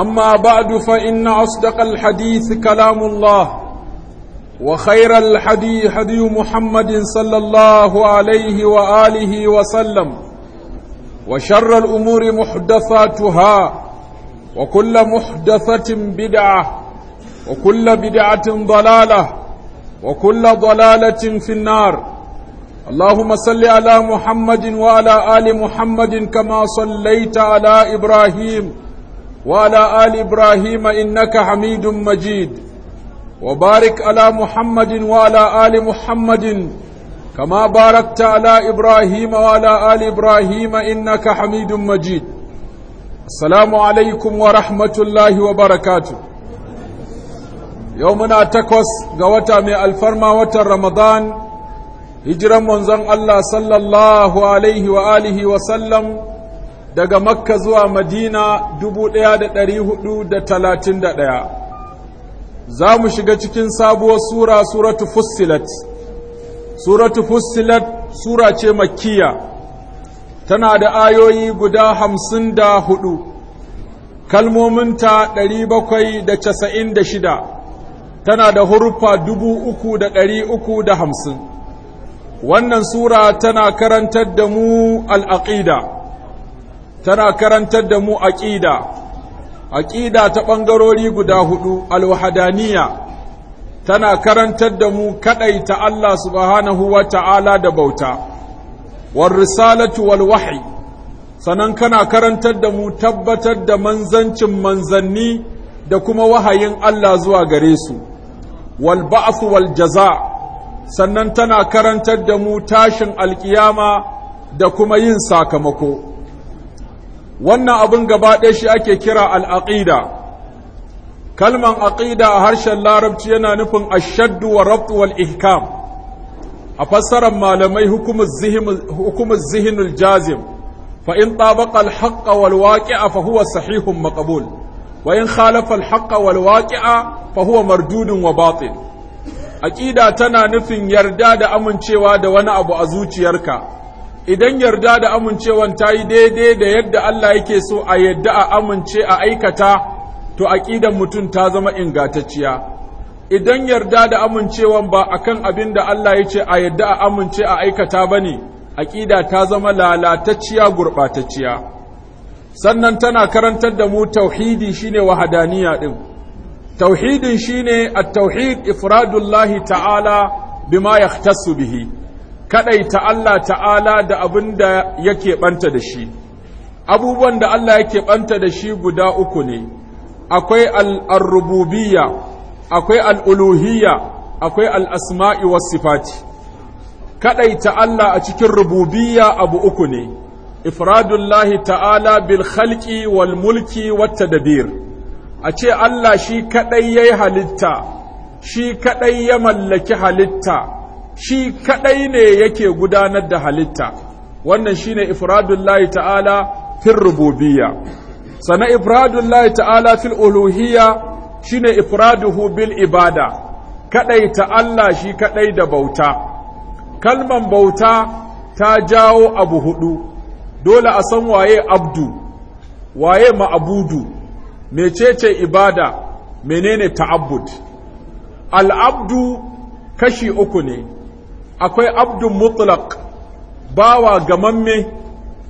أما بعد فإن أصدق الحديث كلام الله وخير الحدي حدي محمد صلى الله عليه وآله وسلم وشر الأمور محدثاتها وكل محدثة بدعة وكل بدعة ضلالة وكل ضلالة في النار اللهم صل على محمد وعلى آل محمد كما صليت على إبراهيم وعلى آل إبراهيم إنك حميد مجيد وبارك على محمد وعلى آل محمد كما باركت على إبراهيم وعلى آل إبراهيم إنك حميد مجيد السلام عليكم ورحمة الله وبركاته يومنا تكوس قوتا من الفرما وتر رمضان hijiran manzon Allah sallallahu Alaihi wa alihi wa sallam daga makka zuwa madina 1431 za mu shiga cikin sabuwar sura suratu fussilat suratu fussilat sura ce makkiya tana da ayoyi guda hamsin da hudu kalmominta ɗari bakwai da casa'in da shida tana da hurufa dubu uku da ɗari uku da hamsin wannan sura tana karantar da mu al'aƙida tana karantar da mu aqida aqida ta bangarori guda hudu alwahadaniya tana karantar da mu kadaita Allah subhanahu wata'ala da bauta war risalatu wal wahyi sanan kana karantar da mu tabbatar da manzancin manzanni da kuma wahayin Allah zuwa gare su wal ba'th wal jazaa sannan tana karantar da mu tashin alkiyama da kuma yin sakamako wannan abin gaba ɗaya shi ake kira al'aƙida kalman aƙida a harshen larabci yana nufin ashaddu wa rabtu wal ihkam a fassarar malamai hukumar zihinul jazim fa in tabaqa al haqqa wal fa huwa sahihun maƙabul, wa in khalafa al wal fa huwa mardudun wa batin. aƙida tana nufin yarda da amincewa da wani abu a zuciyarka idan yarda da amincewan ta yi daidai da yadda Allah yake so a yadda a amince a aikata to aƙidan mutum ta zama ingantacciya idan yarda da amincewan ba akan abin da Allah ya ce a yadda a amince a aikata ba ne aƙida ta zama lalatacciya gurbatacciya. sannan tana karantar da mu tauhidi shine wahadaniya din. tauhidin shine at-tauhid ifradullahi ta'ala bima yahtassu bihi kadaita Allah ta'ala da abin da yake banta da shi abubuwan da Allah yake banta da shi guda uku ne akwai al akwai al-uluhiyya akwai al-asma'i was sifati kadaita Allah a cikin rububiya abu uku ne ifradullahi ta'ala bil khalqi wal mulki wat tadbir a ce Allah shi kadai yayi halitta shi kadai ya mallaki halitta shi kadai ne yake gudanar da halitta wannan shine ifradullahi ta'ala fil rububiyya sana ifradullahi ta'ala fil uluhiyya shine ifraduhu bil ibada kadai ta Allah shi kadai da bauta kalman bauta ta jawo abu hudu dole a san waye abdu waye ma'abudu mecece ibada menene ta'abbud al'abdu kashi uku ne akwai abdun mutlaq bawa gamamme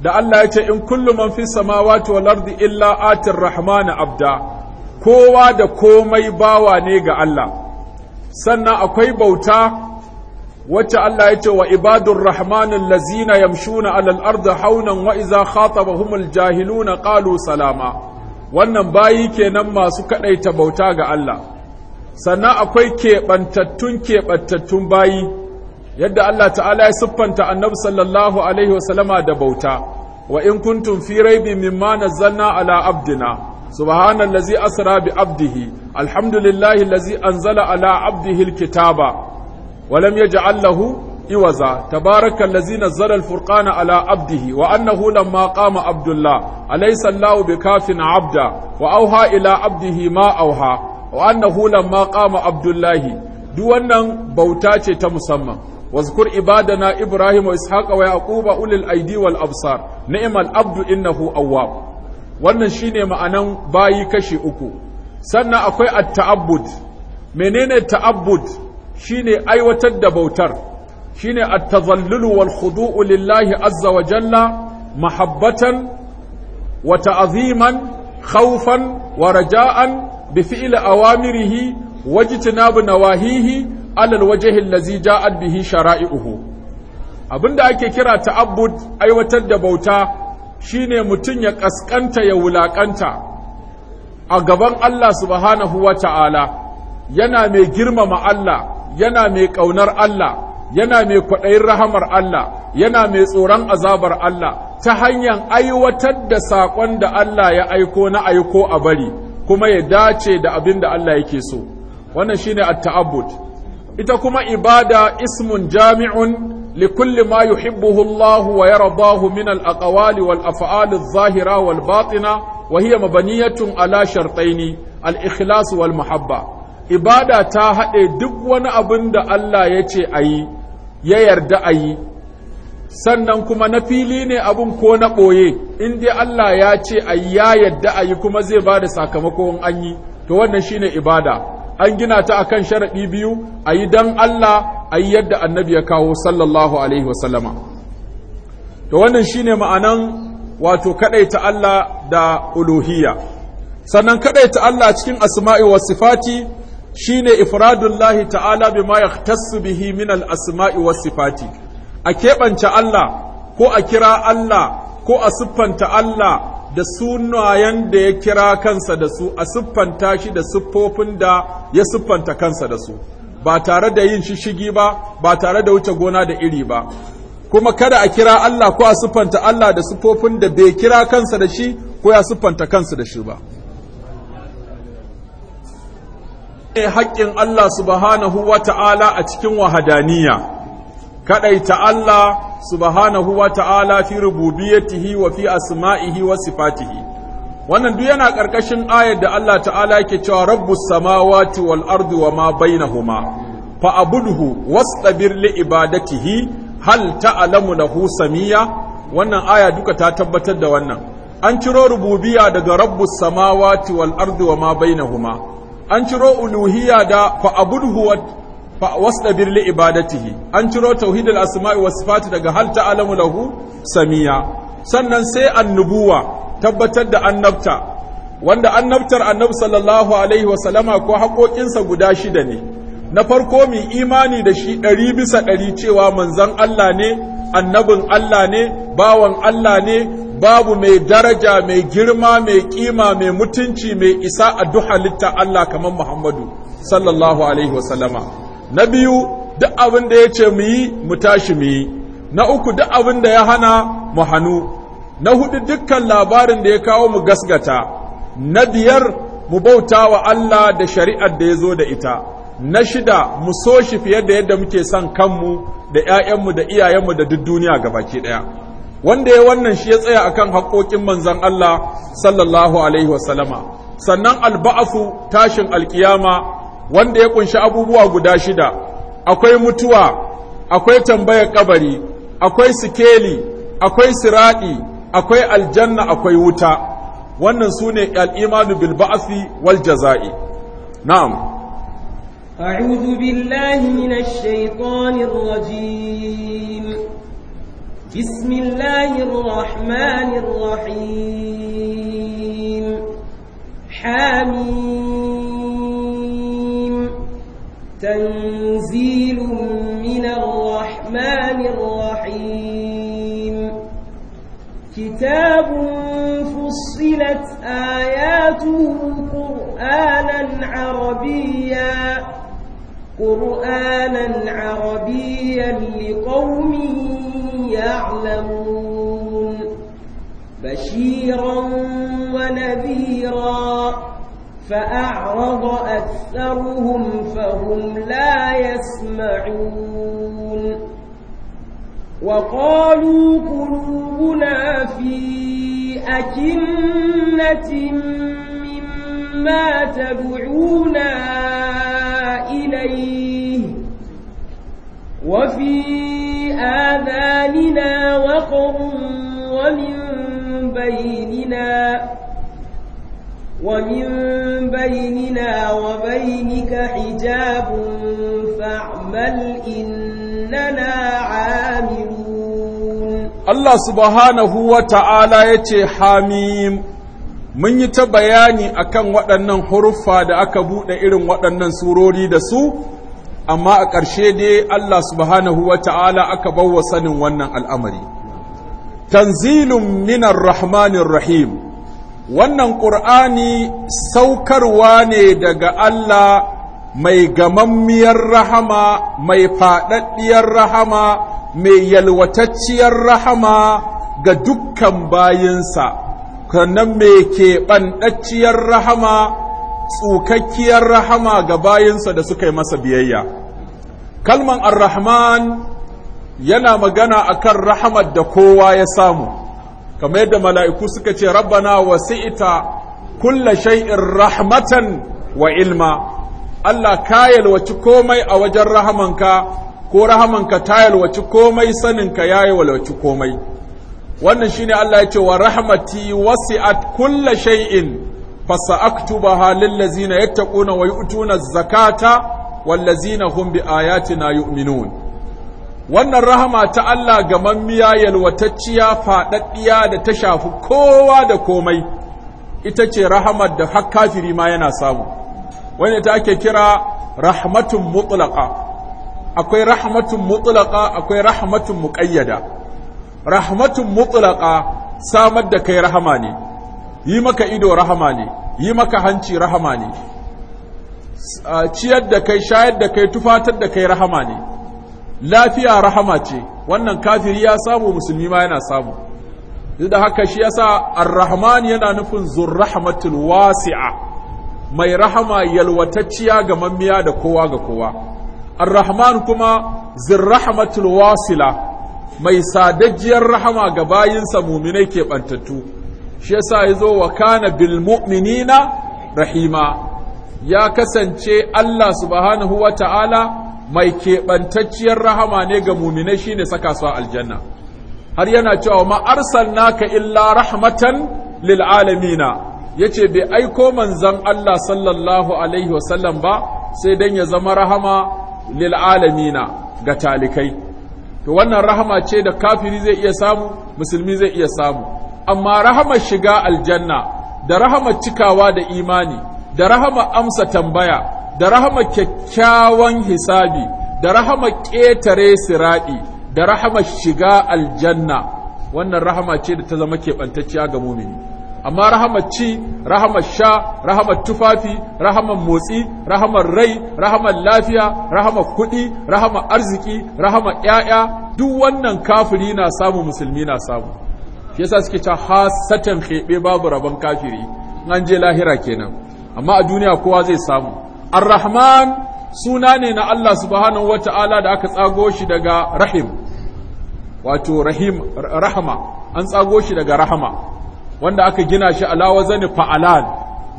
da Allah ya ce in kullu man fi samawati wal ardi illa atir rahmana abda kowa da komai bawa ne ga Allah sannan akwai bauta wacce Allah ya ce wa ibadur rahmanin lazina yamshuna alal ardi haunan wa iza khatabahumul jahiluna qalu salama wannan bayi kenan masu kadaita bauta ga Allah sannan akwai keɓantattun keɓantattun bayi yadda Allah ta'ala ya siffanta annabi sallallahu alaihi wasallama da bauta wa in kuntum fi raibin mimma nazzalna ala abdina subhanallazi asra bi abdihi alhamdulillahi allazi anzala ala abdihi alkitaba wa lam yaj'al lahu iwaza tabarakallazi nazzala alfurqana ala abdihi wa annahu lamma qama abdullah alaysa allahu bikafin abda wa auha ila abdihi ma auha wa annahu lamma qama abdullahi duk wannan bauta ce ta musamman واذكر عبادنا إبراهيم وإسحاق ويعقوب أولي الأيدي والأبصار نعم العبد إنه أواب wannan shine ma'anan bayi kashi uku sannan akwai at-ta'abbud menene ta'abbud shine aiwatar da bautar shine at-tazallulu wal khudu'u lillahi azza wa jalla mahabbatan wa ta'ziman khawfan wa raja'an bi fi'li awamirihi wajtinabu nawahihi alal wajihin lazi ja'ad bihi shara'i'uhu abinda ake kira ta'abbud aiwatar da bauta shine mutum ya kaskanta ya wulakanta a gaban Allah subhanahu wata'ala yana mai girmama Allah yana mai ƙaunar Allah yana mai kwaɗayin rahamar Allah yana mai tsoron azabar Allah ta hanyar aiwatar da saƙon da Allah ya aiko na aiko a bari kuma ya dace da abin da Allah yake so wannan shine at-ta'abbud ita kuma ibada ismun jami'un likulli ma yuhibbuhu Allah wa yardahu min al wal af'ali adh-dhahira wal batina wa hiya mabniyatun ala shartaini al-ikhlas wal muhabba ibada ta haɗe duk wani abun da Allah ya yace ayi ya yarda ayi sannan kuma na fili ne abun ko na ɓoye, in dai Allah ya ce ayi ya yarda ayi kuma zai bada sakamako an anyi. to wannan shine ibada an gina ta a kan sharaɗi biyu a yi don Allah a yi yadda annabi ya kawo sallallahu alaihi wasallama to wannan shine ma'anan wato kaɗaita Allah da uluhiyya sannan kaɗaita Allah cikin asma'i wa sifati shine ifradullahi ta'ala bima ya bihi min asmai wa sifati a keɓance Allah ko a kira Allah ko a siffanta Allah da sunayen da ya kira kansa da su a siffanta shi da siffofin da ya siffanta kansa da su ba tare da yin shishigi ba ba tare da wuce gona da iri ba kuma kada a kira Allah ko a siffanta Allah da siffofin da bai kira kansa da shi ko ya siffanta kansa da shi ba ne haƙƙin Allah subhanahu wa ta'ala a cikin wahadaniya ta Allah subhanahu wa ta'ala fi rububiyatihi wa fi asma'ihi wa sifatihi wannan duk yana karkashin ayar da Allah ta'ala yake cewa rabbus samawati wal ardi wa ma bainahuma fa abudhu wastabir li ibadatihi hal ta'lamu lahu samiya wannan aya duka ta tabbatar da wannan an ciro rububiyya daga rabbus samawati wal ardi wa ma bainahuma an ciro uluhiyya da fa abudhu fa wasdabir li ibadatihi an ciro tauhidul asma'i was sifati daga hal ta'lamu lahu samia sannan sai annubuwa tabbatar da annabta wanda annabtar annabi sallallahu alaihi wa sallama ko haƙoƙinsa guda shida ne na farko mi imani da shi ɗari bisa ɗari cewa manzon Allah ne annabin Allah ne bawan Allah ne babu mai daraja mai girma mai kima mai mutunci mai isa a duk halitta Allah kamar Muhammadu sallallahu alaihi wa sallama na biyu duk abin da ya ce mu yi mu tashi mu yi na uku duk abin da ya hana mu hannu na hudu dukkan labarin da ya kawo mu gasgata na biyar mu bauta wa Allah da shari'ar da ya zo da ita na shida mu so shi fiye da yadda muke son kanmu da 'ya'yanmu da iyayenmu da duk duniya gabaki ɗaya wanda ya wannan shi ya tsaya akan haƙoƙin manzon Allah sallallahu alaihi wasallama sannan alba'afu tashin alkiyama wanda ya kunshi abubuwa guda shida akwai mutuwa akwai tambayar kabari akwai sikeli akwai siradi akwai aljanna akwai wuta wannan sune al-imanu bil ba'thi wal jazai na'am أعوذ بالله من الشيطان الرجيم بسم الله الرحمن الرحيم تنزيل من الرحمن الرحيم كتاب فصلت آياته قرآنا عربيا قرآنا عربيا لقوم يعلمون بشيرا ونذيرا فأعرض أكثرهم فهم لا يسمعون وقالوا قلوبنا في أكنة مما تدعونا إليه وفي آذاننا وقر ومن بيننا ومن na وبينك حجاب فاعمل إننا عاملون الله سبحانه وتعالى يتي حميم mun yi ta bayani akan waɗannan huruffa da aka buɗe irin waɗannan surori da su amma a ƙarshe dai Allah subhanahu wa ta'ala aka bawa sanin wannan al'amari tanzilun minar rahmanin rahim wannan ƙur'ani saukarwa ne daga Allah mai gamammiyar rahama mai faɗaɗɗiyar rahama mai yalwatacciyar rahama ga dukkan bayinsa sannan mai keɓanɗacciyar rahama tsukakkiyar rahama ga bayinsa da suka yi masa biyayya kalman ar-rahman yana magana akan rahamar da kowa ya samu kamar yadda mala'iku suka ce rabbana wasi'ita kulla shai'in rahmatan wa ilma Allah ka yalwaci komai a wajen rahamanka ko rahamanka ta yalwaci komai saninka ya yalwaci komai wannan shine Allah ya ce wa rahmati wasi'at kulla shay'in fasa'aktubaha lillazina yattaquna wa yu'tuna az-zakata wallazina hum biayatina yu'minun wannan rahama ta Allah ga mammiya yalwatacciya faɗaɗɗiya da ta shafi kowa da komai ita ce rahamar da har kafiri ma yana samu wanda ta ake kira rahmatun mutlaqa akwai rahmatun mutlaqa akwai rahmatun muqayyada rahmatun mutlaqa samar da kai rahama ne yi maka ido rahama ne yi maka hanci rahama ne ciyar da kai shayar da kai tufatar da kai rahama ne lafiya rahama ce wannan kafiri ya samu musulmi ma yana samu duk da haka shi yasa ar-rahman yana nufin rahmatul wasi'a mai rahama yalwatacciya ga mamiya da kowa ga kowa ar-rahman kuma rahmatul wasila mai sadajjiyar rahama ga bayinsa muminai ke bantattu shi yasa yazo wa kana bil mu'minina rahima ya kasance Allah subhanahu wa ta'ala mai keɓantacciyar rahama ne ga muminai ne saka su a aljanna har yana cewa ma'arsan naka illa rahmatan lil'alamina. Ya ce bai aiko manzan Allah sallallahu alaihi wasallam ba sai don ya zama rahama lil'alamina ga talikai to wannan rahama ce da kafiri zai iya samu musulmi zai iya samu amma rahama shiga aljanna da rahama cikawa da imani da rahama amsa tambaya da rahama kyakkyawan hisabi da rahama ƙetare siraɗi da rahama shiga aljanna wannan rahama ce da ta zama keɓantacciya ga mumini amma rahamar ci rahamar sha rahamar tufafi rahamar motsi rahamar rai rahamar lafiya rahamar kuɗi rahamar arziki rahamar ƴaƴa duk wannan kafiri na samu musulmi na samu shi yasa suke ta hasatan keɓe babu rabon kafiri an je lahira kenan amma a duniya kowa zai samu Ar-Rahman suna ne na Allah subhanahu wata'ala da aka tsago shi daga Rahim wato Rahim rahma an tsago shi daga rahma wanda aka gina shi ala wazani fa'alan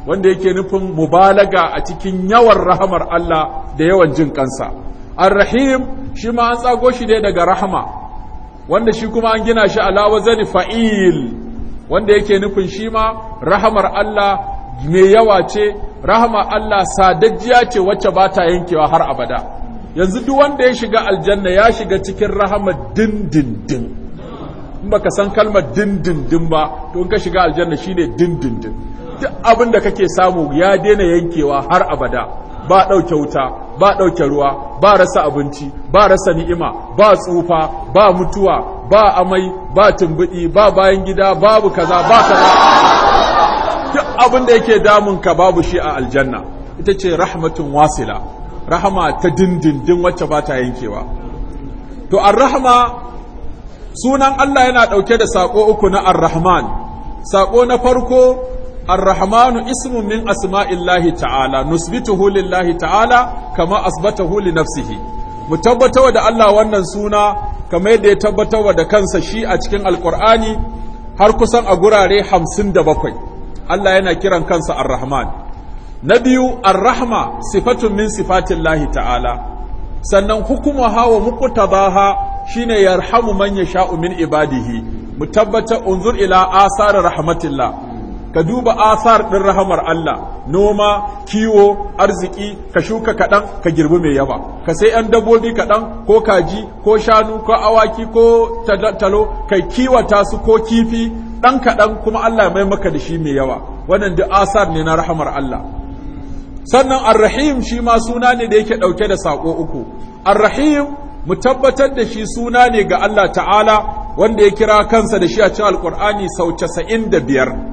wanda yake nufin mubalaga a cikin yawan rahamar Allah da yawan jin kansa Ar-Rahim shi ma an tsago shi ne daga rahma wanda shi kuma an gina shi ala wazani fa'il wanda yake nufin shi ma rahamar Allah mai yawa ce rahama Allah sadajjiya ce wacce ba ta yankewa har abada yanzu duk wanda ya shiga aljanna ya shiga cikin rahama dindindin in baka san kalmar dindindin ba to in ka shiga aljanna shine dindindin duk abin da kake samu ya daina yankewa har abada ba ɗauke wuta ba ɗauke ruwa ba rasa abinci ba rasa ni'ima ba tsufa ba mutuwa ba amai ba tumbudi ba bayan gida babu kaza ba kaza abin da yake damun ka babu shi a aljanna ita ce rahmatun wasila rahama ta dindindin wacce ba ta yankewa to ar-rahma sunan Allah yana ɗauke da sako uku na ar-rahman saƙo na farko ar-rahmanu ismun min asma'illahi ta'ala nusbituhu lillahi ta'ala kama asbatahu li nafsihi mu tabbatarwa da Allah wannan suna kamar yadda ya tabbatar da kansa shi a cikin alkur'ani har kusan a gurare hamsin da bakwai Allah yana kiran kansa ar-rahman na biyu ar-rahma sifatun min sifatin lahi ta'ala sannan hukuma hawa muqtadaha shine yarhamu man yasha'u min ibadihi mu tabbata unzur ila asar rahmatillah ka duba asar ɗin rahamar Allah noma kiwo arziki ka shuka kaɗan ka girbi mai yawa ka sai ‘yan dabbobi kaɗan ko kaji ko shanu ko awaki ko talo ka kiwata su ko kifi ɗan kaɗan kuma Allah mai maka da shi mai yawa wannan duk asar ne na rahamar Allah sannan arrahim shi ma suna ne da yake ɗauke da saƙo uku arrahim mu tabbatar da shi suna ne ga Allah ta'ala wanda ya kira kansa da shi a cikin alƙur'ani sau casa'in da biyar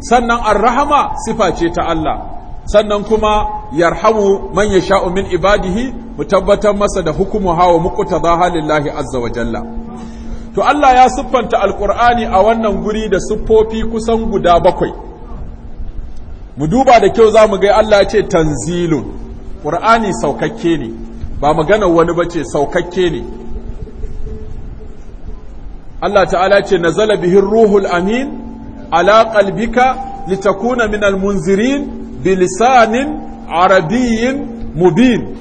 sannan arrahama sifa ce ta Allah sannan kuma yarhamu man yasha'u min ibadihi mu tabbatar masa da hukumu hawa muqtadaha halillahi azza wa jalla to Allah ya siffanta alqur'ani a wannan guri da siffofi kusan guda bakwai mu duba da kyau za mu ga Allah ya ce tanzilun qur'ani saukakke ne ba magana wani ba ce saukakke ne Allah ta'ala ce nazala bihi ruhul amin ala ƙalbika litakuna min almunzirin bilisanin arabiyin mubin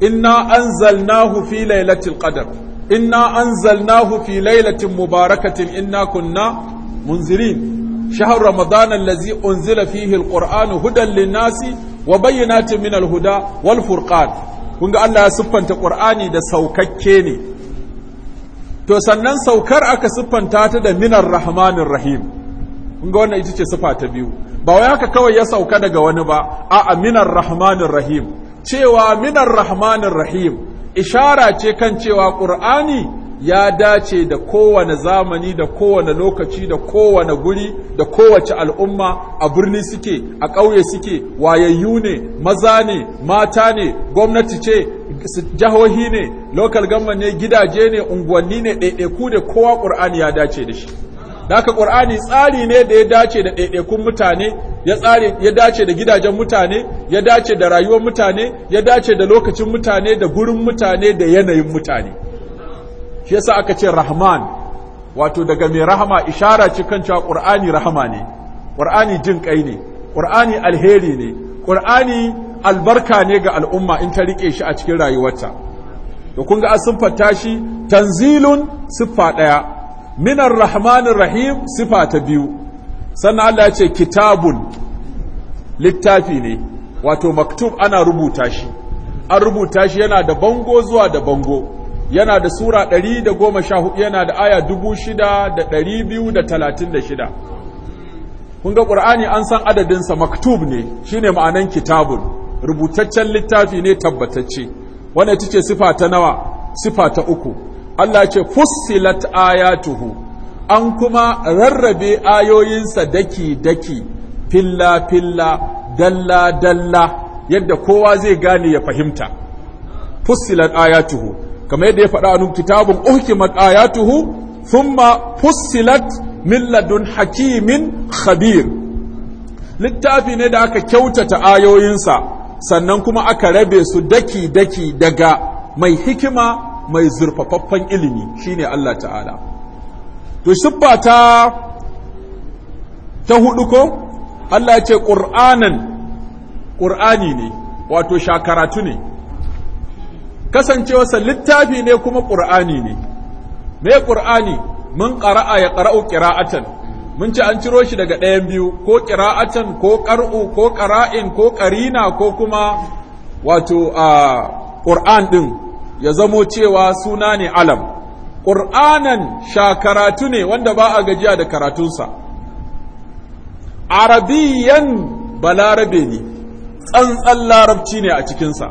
inna anzalnahu fi lailatul qadr inna anzalnahu fi lailatin mubarakatin inna kunna munzirin شهر رمضان الذي أنزل Hudan linasi. Wa للناس وبينات min alhuda wal kun Kunga Allah ya siffanta Qur'ani da saukakke ne to sannan saukar aka siffanta ta da minar rahmanir rahim kun ga wannan ita ce sifa ta biyu ba wai haka kawai ya sauka daga wani ba a aminar rahmanir rahim cewa minar rahmanir rahim ishara ce kan cewa qur'ani ya dace da kowane zamani da kowane lokaci da kowane guri da kowace al'umma a birni suke a ƙauye suke wayayyu ne maza ne mata ne gwamnati ce jihohi ne local government ne gidaje ne unguwanni ne ɗaiɗaiku da kowa ƙur'ani ya dace da shi da haka ƙur'ani tsari ne da ya dace da ɗaiɗaikun mutane ya dace da gidajen mutane ya dace da rayuwar mutane ya dace da lokacin mutane da gurin mutane da yanayin mutane shi yasa aka ce rahman wato daga mai rahama ishara ce kan cewa ƙur'ani rahama ne ƙur'ani jin kai ne ƙur'ani alheri ne ƙur'ani albarka ne ga al'umma in ta riƙe shi a cikin rayuwarta To kun ga an siffanta shi tanzilun siffa ɗaya minar rahmanin rahim sifa ta biyu sannan Allah ya ce kitabun littafi ne wato maktub ana rubuta shi an rubuta shi yana da bango zuwa da bango yana da sura 114 yana da aya 6236 kun ga ƙur'ani an san adadinsa maktub ne shine ma'anan kitabun rubutaccen littafi ne tabbatacce wannan ita ce sifa ta nawa sifa ta uku Allah ce fussilat ayatuhu an kuma rarrabe ayoyinsa daki-daki filla-filla dalla-dalla yadda kowa zai gane ya fahimta fussilat ayatuhu kamar yadda ya faɗa a kitabun uhkimat ayatuhu thumma fussilat Ladun hakimin khabir littafi ne da aka kyautata ayoyinsa sannan kuma aka rabe su daki-daki daga mai hikima mai zurfafaffen ilimi shine Allah ta'ala to siffa ta ta hudu ko Allah ce qur'anan ƙur'ani ne wato shakaratu ne kasancewarsa littafi ne kuma ƙur'ani ne me ƙur'ani mun qara'a ya qara'u qira'atan mun ci an ciro shi daga ɗayan biyu ko qira'atan ko ƙar'u, ko ƙara'in, ko ƙarina, ko kuma wato a qur'an din ya zamo cewa suna ne alam ƙur'anan karatu ne wanda ba a gajiya da karatunsa arabiyan balarabe ne tsantsan larabci ne a cikinsa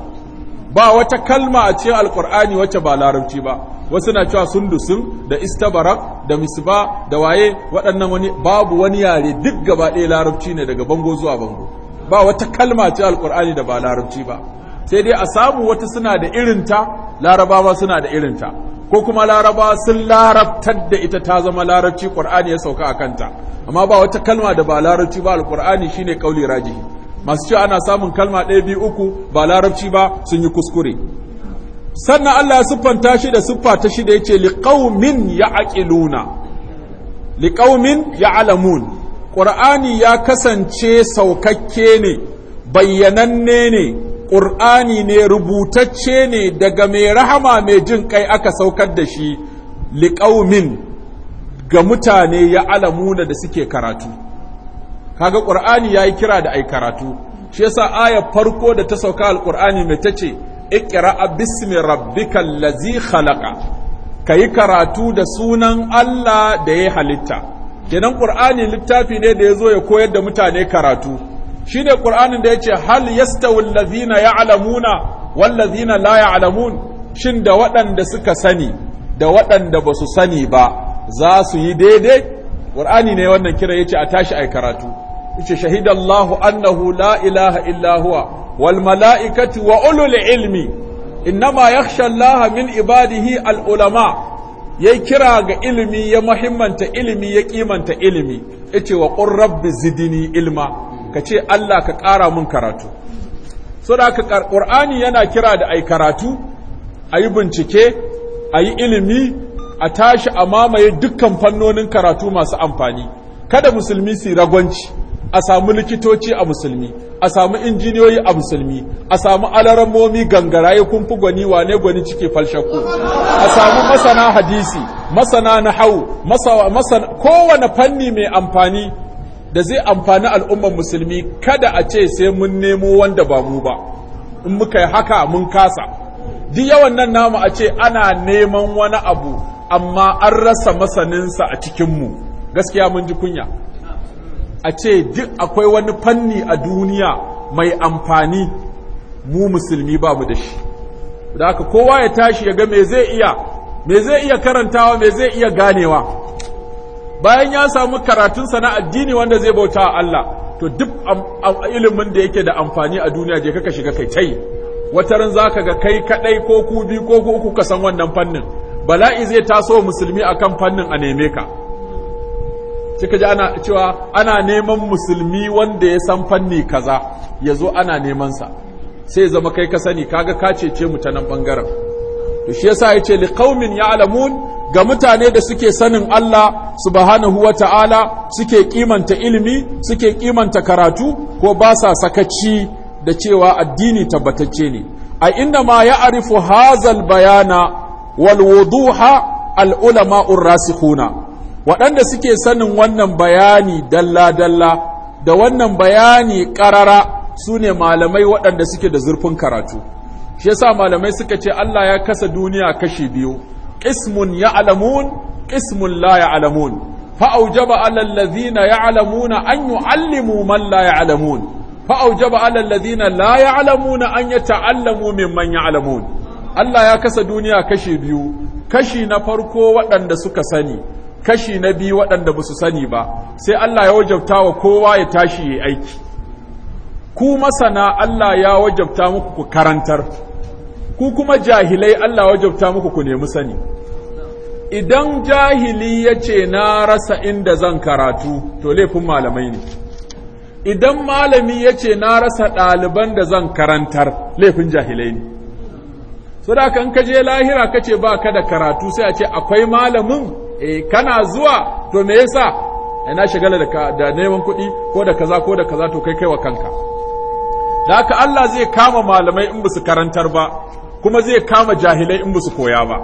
ba wata kalma a ce alƙur'ani wacce ba larabci ba wasu na cewa sundusun da istabarak da misba da waye waɗannan wani babu wani yare duk gaba ɗaya larabci ne daga bango zuwa bango ba wata kalma ce alƙur'ani da ba larabci ba sai dai a samu wata suna da irinta larabawa suna da irinta ko kuma larabawa sun larabtar da ita ta zama larabci qur'ani ya sauka a kanta amma ba wata kalma da ba larabci ba alqur'ani shine ƙauli raji masu cewa ana samun kalma ɗaya biyu uku ba larabci ba sun yi kuskure sannan Allah ya siffanta shi da siffa ta shi da ya ce liƙaumin aƙi luna liƙaumin ya alamun qur'ani ya kasance saukakke ne bayyananne ne ƙur'ani ne rubutacce ne daga mai rahama mai jin kai aka saukar da shi liƙaumin ga mutane ya alamuna da suke karatu kaga ƙur'ani ya yi kira da ai karatu shi yasa aya farko da ta sauka alƙur'ani mai ta ce iƙira bismi rabbikal lazi khalaqa kayi karatu da sunan Allah da ya halitta kenan ƙur'ani littafi ne da ya zo ya koyar da mutane karatu shi ne ƙur'anin da ya ce hal yastawil lazina ya'lamuna wal lazina la ya'lamun shin da waɗanda suka sani da waɗanda ba su sani ba za su yi daidai ƙur'ani ne wannan kira ya ce a tashi ai karatu yace shahidallahu annahu la ilaha illa huwa wal mala'ikati wa ulul ilmi innama yakhsha Allah min ibadihi al ulama ya kira ga ilimi ya muhimmanta ilimi ya kimanta ilimi yace wa qur rabbi zidni ilma ka ce Allah ka ƙara mun karatu so da ƙur'ani yana kira da ai karatu a yi bincike a yi ilimi a tashi a mamaye dukkan fannonin karatu masu amfani kada musulmi su ragwanci a samu likitoci a musulmi a samu injiniyoyi a musulmi a samu alaramomi gangaraye kumfi gwani wane gwani cike falshakku a samu masana hadisi masana nahau masana kowane fanni mai amfani da zai amfani al'ummar musulmi kada a ce sai mun nemo wanda ba mu ba in muka yi haka mun kasa di yawan nan namu a ce ana neman wani abu amma an rasa masaninsa a cikinmu gaskiya mun ji kunya a ce duk akwai wani fanni a duniya mai amfani mu musulmi ba mu da shi da haka kowa ya tashi ya ga me zai iya me zai iya karantawa me zai iya ganewa bayan ya samu karatunsa na addini wanda zai bauta wa Allah to duk ilimin da yake da amfani a duniya je kaka shiga kai tai wata ran zaka ga kai kadai ko ku bi ko ku uku ka san wannan fannin bala'i zai taso musulmi akan fannin a neme ka kika ji ana cewa ana neman musulmi wanda ya san fanni kaza yazo ana neman sa sai zama kai ka sani kaga ka cece mu ta nan bangaren to shi yasa yace liqaumin ya'lamun ga mutane da suke sanin Allah subhanahu wa ta'ala suke kimanta ilimi suke kimanta karatu ko ba sa sakaci da cewa addini tabbatacce ne a inda ma ya arifu hazal bayana walwuduha al'ulama al rasikhuna waɗanda suke sanin wannan bayani dalla-dalla da wannan bayani ƙarara su ne malamai waɗanda suke da zurfin karatu shi yasa malamai suka ce Allah ya kasa duniya kashi biyu قسم يعلمون قسم لا يعلمون فأوجب على الذين يعلمون أن يعلموا من لا يعلمون فأوجب على الذين لا يعلمون أن يتعلموا ممن يعلمون Allah ya kasa duniya kashi biyu kashi na farko waɗanda suka sani kashi na biyu waɗanda ba su sani ba sai Allah ya wajabta wa kowa ya tashi ya aiki ku masana Allah ya wajabta muku ku karantar ku kuma jahilai Allah wajabta muku ku nemi sani idan jahili ya ce na rasa inda zan karatu to laifin malamai ne idan malami ya ce na rasa ɗaliban da zan karantar laifin jahilai ne saboda kan ka je lahira kace ce ba ka da karatu sai a ce akwai malamin e kana zuwa to me yasa ina eh, shagala da neman kuɗi ko da kaza ko da kaza to kai kaiwa kanka da haka Allah zai kama malamai in ba su karantar ba kuma zai kama jahilai in su koya ba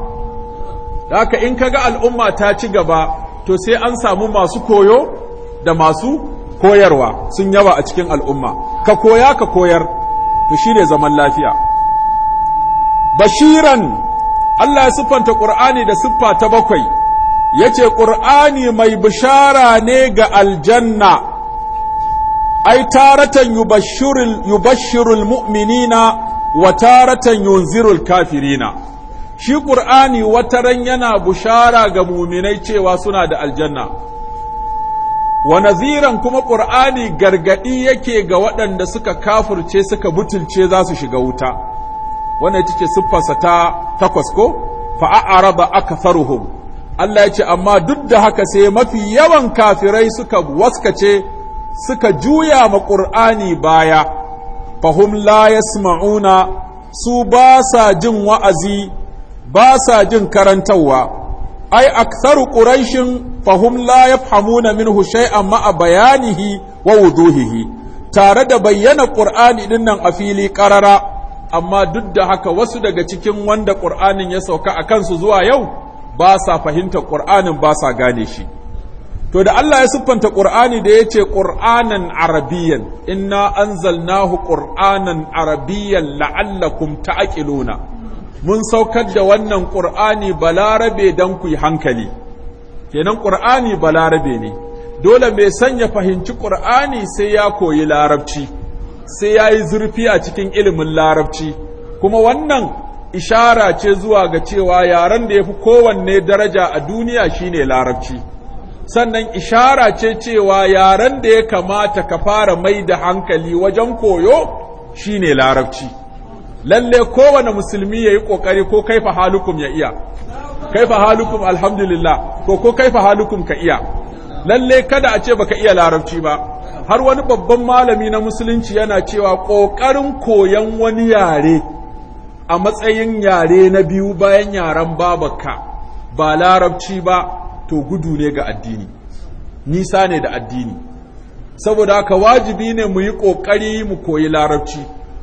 haka in kaga al'umma ta ci gaba to sai an samu masu koyo da masu koyarwa sun yawa a cikin al'umma ka koya ka koyar to shine zaman lafiya bashiran Allah ya siffanta Qur'ani da siffa ta bakwai Ya ce Qur'ani mai bishara ne ga aljanna ai taratan yubashshirul yubashshirul mu'minina wa taratan yunzirul kafirina shi ƙur'ani wata ran yana bushara ga muminai cewa suna da aljanna wa naziran kuma ƙur'ani gargadi yake ga waɗanda suka kafurce suka butulce za su shiga wuta wanda ce siffarsa ta takwas ko Fa araba aktharuhum Allah ya amma duk da haka sai mafi yawan kafirai suka waskace suka juya ma ƙur'ani baya fahim la su ba sa jin wa'azi ba sa jin karantarwa ai aktharu ƙuraishin fahim la min hushai, amma a bayanihi wa wuduhihi tare da bayyana ƙur'ani din nan a fili ƙarara, amma duk da haka wasu daga cikin wanda ƙur'anin ya sauka a kansu zuwa yau ba sa fahimta ƙur'anin ba sa gane shi to da Allah ya siffanta Qur'ani da ya ce Qur'anan Arabiyyan inna anzalnahu Qur'anan Arabiyyan la'allakum ta'qiluna mun saukar da wannan Qur'ani balarabe dan ku yi hankali kenan Qur'ani balarabe ne dole mai sanya fahimci Qur'ani sai ya koyi larabci sai ya yi zurfi a cikin ilimin larabci kuma wannan ishara ce zuwa ga cewa yaren da ya fi kowanne daraja a duniya shine larabci sannan ishara ce cewa yaren da ya kamata ka fara mai da hankali wajen koyo shine larabci lalle kowane musulmi ya yi kokari ko kaifa halukum ya iya kaifa halukum alhamdulillah ko ko kaifa halukum ka iya lalle kada a ce baka iya larabci ba har wani babban malami na musulunci yana cewa kokarin koyan wani yare a matsayin yare na biyu bayan yaren babaka ba larabci ba to gudu ne ga addini nisa ne da addini saboda haka wajibi ne mu yi ƙoƙari mu koyi larabci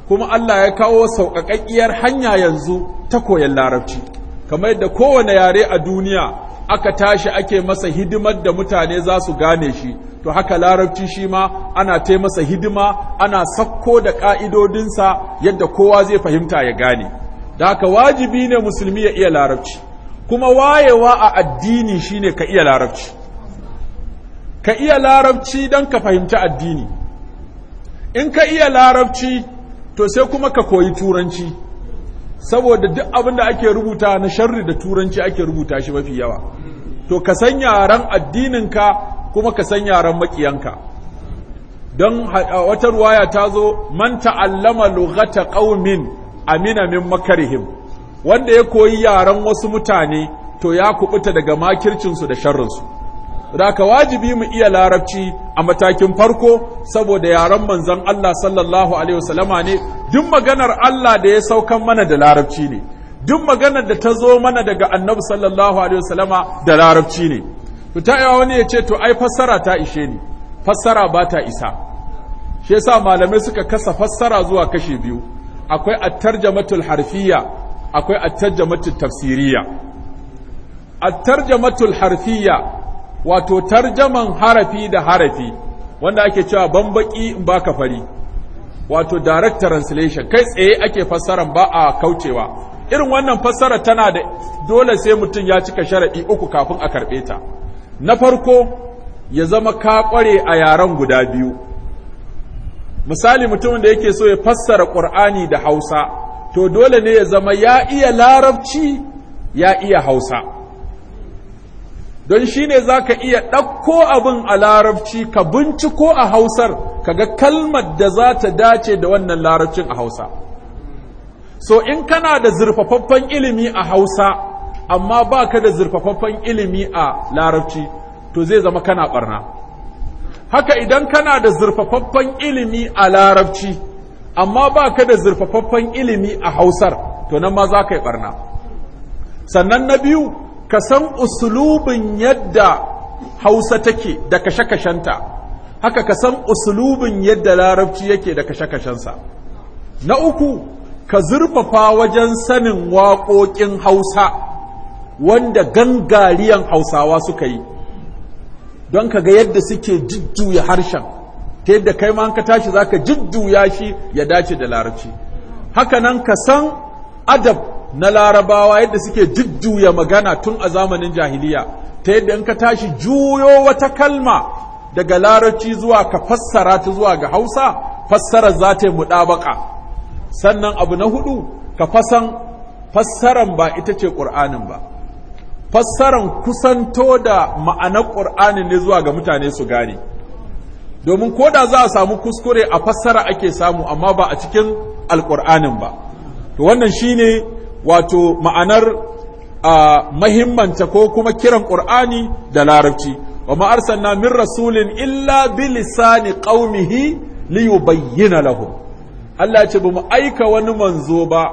kuma Allah ya kawo sauƙaƙaƙiyar hanya yanzu ta koyan larabci kamar yadda kowane yare a duniya aka tashi ake masa hidimar da mutane za su gane shi to haka larabci shi ma ana ta masa hidima ana sakko da ƙa'idodinsa yadda kowa zai fahimta ya gane da haka wajibi ne musulmi ya iya larabci kuma wayewa a addini shine ka iya larabci ka iya larabci don ka fahimci addini in ka iya larabci to sai kuma ka koyi turanci saboda duk abin da ake rubuta na sharri da turanci ake rubuta shi mafi yawa to ka san yaren addininka kuma ka san yaren makiyanka don wata ruwaya ta zo man ta'allama lughata ƙaumin amina min makarihim wanda ya koyi yaran wasu mutane to ya kubuta daga makircinsu da sharrinsu raka wajibi mu iya larabci a matakin farko saboda yaran manzan Allah sallallahu alaihi wasallama ne duk maganar Allah da ya saukan mana da larabci ne duk maganar da ta zo mana daga annabi sallallahu alaihi wasallama da larabci ne to ta yawa wani ya ce to ai fassara ta ishe ni fassara ba ta isa shi yasa malamai suka kasa fassara zuwa kashi biyu akwai at-tarjamatul harfiyya akwai at-tarjamatu tafsiriya at-tarjamatu harfiya wato tarjaman harafi da harafi wanda ake cewa bambaki in baka fari wato direct translation kai tsaye ake fassaran ba a kaucewa irin wannan fassara tana da dole sai mutum ya cika sharadi uku kafin a karbe ta na farko ya zama ka kware a yaran guda biyu misali mutumin da yake so ya fassara qur'ani da Hausa to dole ne ya zama ya iya larabci ya iya hausa don shi ne za ka iya ɗakko abin a larabci ka binciko a hausar ka ga kalmar da za ta dace da wannan larabcin a hausa so in kana da zurfafaffen ilimi a hausa amma ba ka da zurfafaffen ilimi a larabci to zai zama kana ɓarna haka idan kana da zurfafaffen ilimi a larabci amma ba ka da zurfafaffen ilimi a hausar to nan ma za ka yi barna sannan na biyu ka san usulubin yadda hausa take da kashe-kashenta haka ka san usulubin yadda larabci yake da kashe-kashensa na uku ka zurfafa wajen sanin waƙoƙin hausa wanda gangariyan hausawa suka yi don ka ga yadda suke jujjuya harshen ta yadda kai ma ka tashi za ka jujjuya shi ya dace da larabci hakanan ka san adab na larabawa yadda suke jujjuya magana tun a zamanin jahiliya ta yadda in ka tashi juyo wata kalma daga larabci zuwa ka fassara ta zuwa ga hausa fassarar za ta yi muɗabaka sannan abu na hudu ka fasan fassaran ba ita ce ƙur'anin ba fassaran kusanto da ma'anar ƙur'anin ne zuwa ga mutane su gane domin ko da za a samu kuskure a fassara ake samu amma ba a cikin alƙur'anin ba to wannan shine wato ma'anar mahimmanta ko kuma kiran ƙur'ani da larabci wa ma'arsanna min rasulin illa bi lisani qaumihi li yubayyana lahum Allah ce ba mu aika wani manzo ba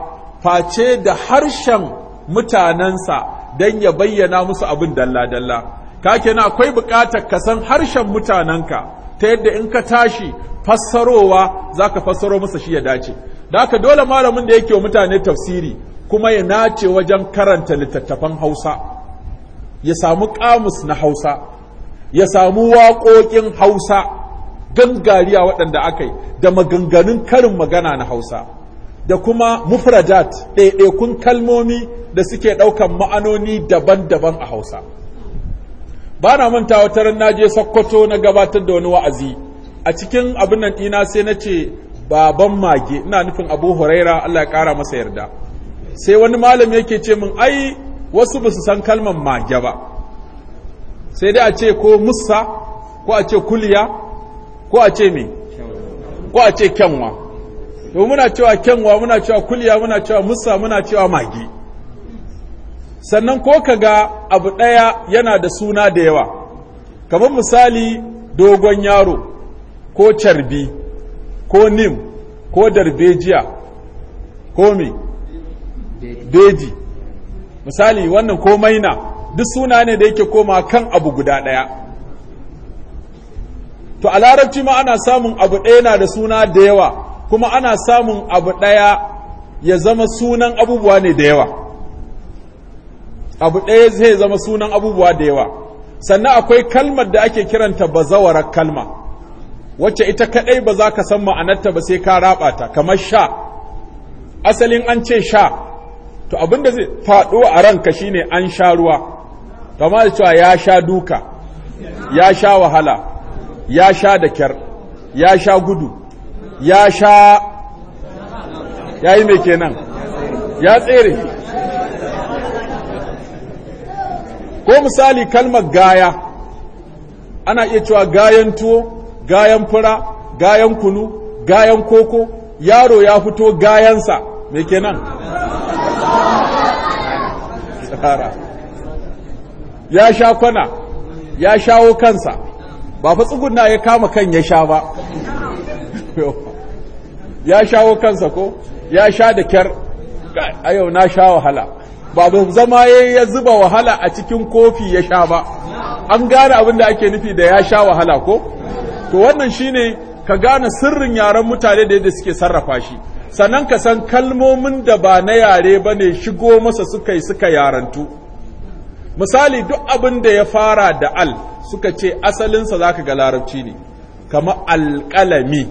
face da harshen mutanensa don ya bayyana musu abin dalla-dalla ka kenan akwai bukatar ka san harshen mutanenka ta yadda in ka tashi fassarowa za ka fassaro masa shi ya dace da haka dole malamin da yake wa mutane tafsiri kuma ya nace wajen karanta littattafan hausa ya samu ƙamus na hausa ya samu waƙoƙin hausa gangariya waɗanda aka yi da maganganun karin magana na hausa da kuma Mufradat ɗaiɗaikun kalmomi da suke ɗaukan ma'anoni daban-daban a hausa ba na manta wata ran na je sokoto na gabatar da wani wa'azi a cikin abin nan ɗina sai na ce baban mage ina nufin abu huraira allah ya ƙara masa yarda sai wani malam yake ce min ai wasu ba su san kalman mage ba sai dai a ce ko Musa, ko a ce kuliya ko a ce me ko a ce kyanwa to muna cewa kyanwa muna cewa kuliya muna cewa musa muna cewa mage. sannan ko ka ga abu ɗaya yana da suna da yawa kamar misali dogon yaro ko carbi ko nim ko darbejiya ko me beji misali wannan ko maina duk suna ne da yake koma kan abu guda ɗaya to a larabci ma ana samun abu ɗaya na da suna da yawa kuma ana samun abu ɗaya ya zama sunan abubuwa ne da yawa abu ɗaya zai zama sunan abubuwa da yawa sannan akwai kalmar da ake kiranta bazawarar kalma wacce ita kaɗai ba za ka san ma'anarta ba sai ka raba ta kamar sha asalin an ce sha to abin da zai faɗo a ranka shine an sha ruwa kamar da cewa ya sha duka ya sha wahala ya sha da kyar ya sha gudu ya sha ya yi mai kenan ya tsere ko misali kalmar gaya ana iya cewa gayan tuwo gayan fura gayan kunu gayan koko yaro ya fito gayansa me kenan ya sha kwana ya shawo kansa ba fa na ya kama kan ya sha ba ya shawo kansa ko ya sha da kyar a yau na sha wahala ba don zama ya zuba wahala a cikin kofi ya sha ba an gane abin da ake nufi da ya sha wahala ko to wannan shine ka gane sirrin yaren mutane da yadda suke sarrafa shi sannan ka san kalmomin da ba na yare ba ne shigo masa suka yi suka yarantu misali duk abin da ya fara da al suka ce asalinsa za ka ga larabci ne kama alƙalami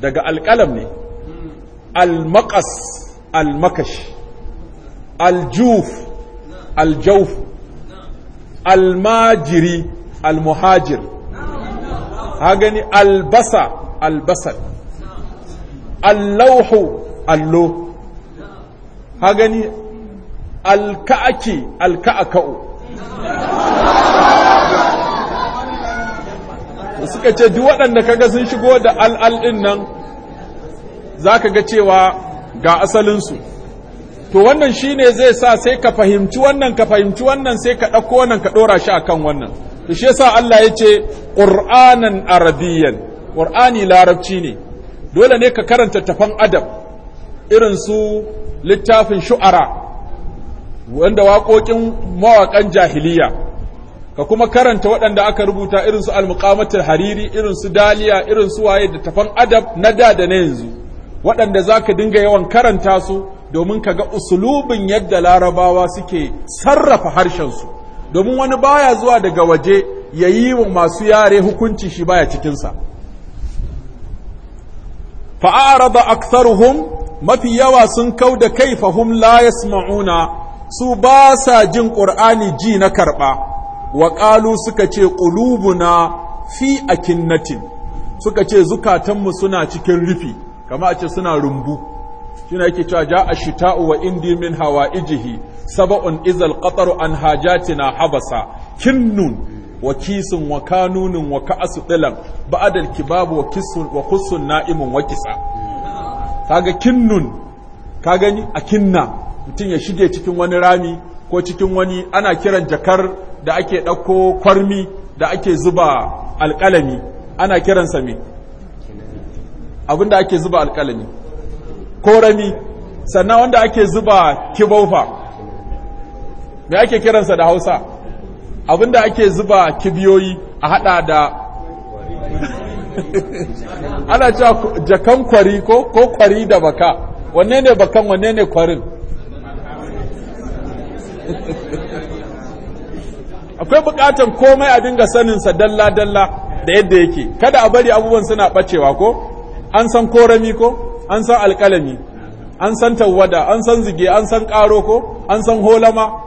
daga alƙalam ne almakas almakashi الجوف aljauf almajiri almuhajir ha gani albasa albasar allauhu allo ha gani alka'aka'u suka ce duk waɗanda kaga sun shigo da al'al'in nan za ka ga cewa ga asalinsu to wannan shi ne zai sa sai ka fahimci wannan ka fahimci wannan sai ka ɗauko wannan ka ɗora shi akan wannan to shi yasa Allah ya ce qur'anan arabiyyan Ƙur'ani larabci ne dole ne ka karanta tafan adab irin su littafin shu'ara wanda waƙoƙin mawaƙan jahiliya ka kuma karanta waɗanda aka rubuta irin su almuqamatul hariri irin su daliya irin su waye da tafan adab na da da na yanzu waɗanda zaka dinga yawan karanta su domin ka ga usulubin yadda larabawa suke sarrafa harshensu domin wani baya zuwa daga waje ya yi wa masu yare hukunci shi baya cikinsa fa'arada aktharuhum mafi yawa sun kau da kai fahum layas ma'una, su ba sa jin ƙur'ani ji na karɓa wa ƙalu suka ce ƙulubuna fi akinnatin suka ce zukatanmu suna cikin rufi kama a ce suna rumbu shine yake cewa ja ashita'u wa indi min hawaijihi sab'un izal qataru an hajatina habasa kinnun wa kisun wa kanunun wa ka'asu dilan ba'dal kibabu wa kisun wa khusun na'imun wa kisa kaga kinnun ka gani a kinna mutum ya shige cikin wani rami ko cikin wani ana kiran jakar da ake ɗauko kwarmi da ake zuba alƙalami ana kiransa me abinda ake zuba alƙalami ko rami sannan wanda ake zuba kibaufa me ake kiransa da hausa abinda ake zuba kibiyoyi a hada da ana cewa jakan kwari ko ko kwari da baka wanne ne bakan wanne ne kwarin akwai bukatan komai a dinga saninsa dalla-dalla da yadda yake kada a bari abubuwan suna bacewa ko an san korami ko an san alƙalami an san tawada an san zige an san ƙaro ko an san holama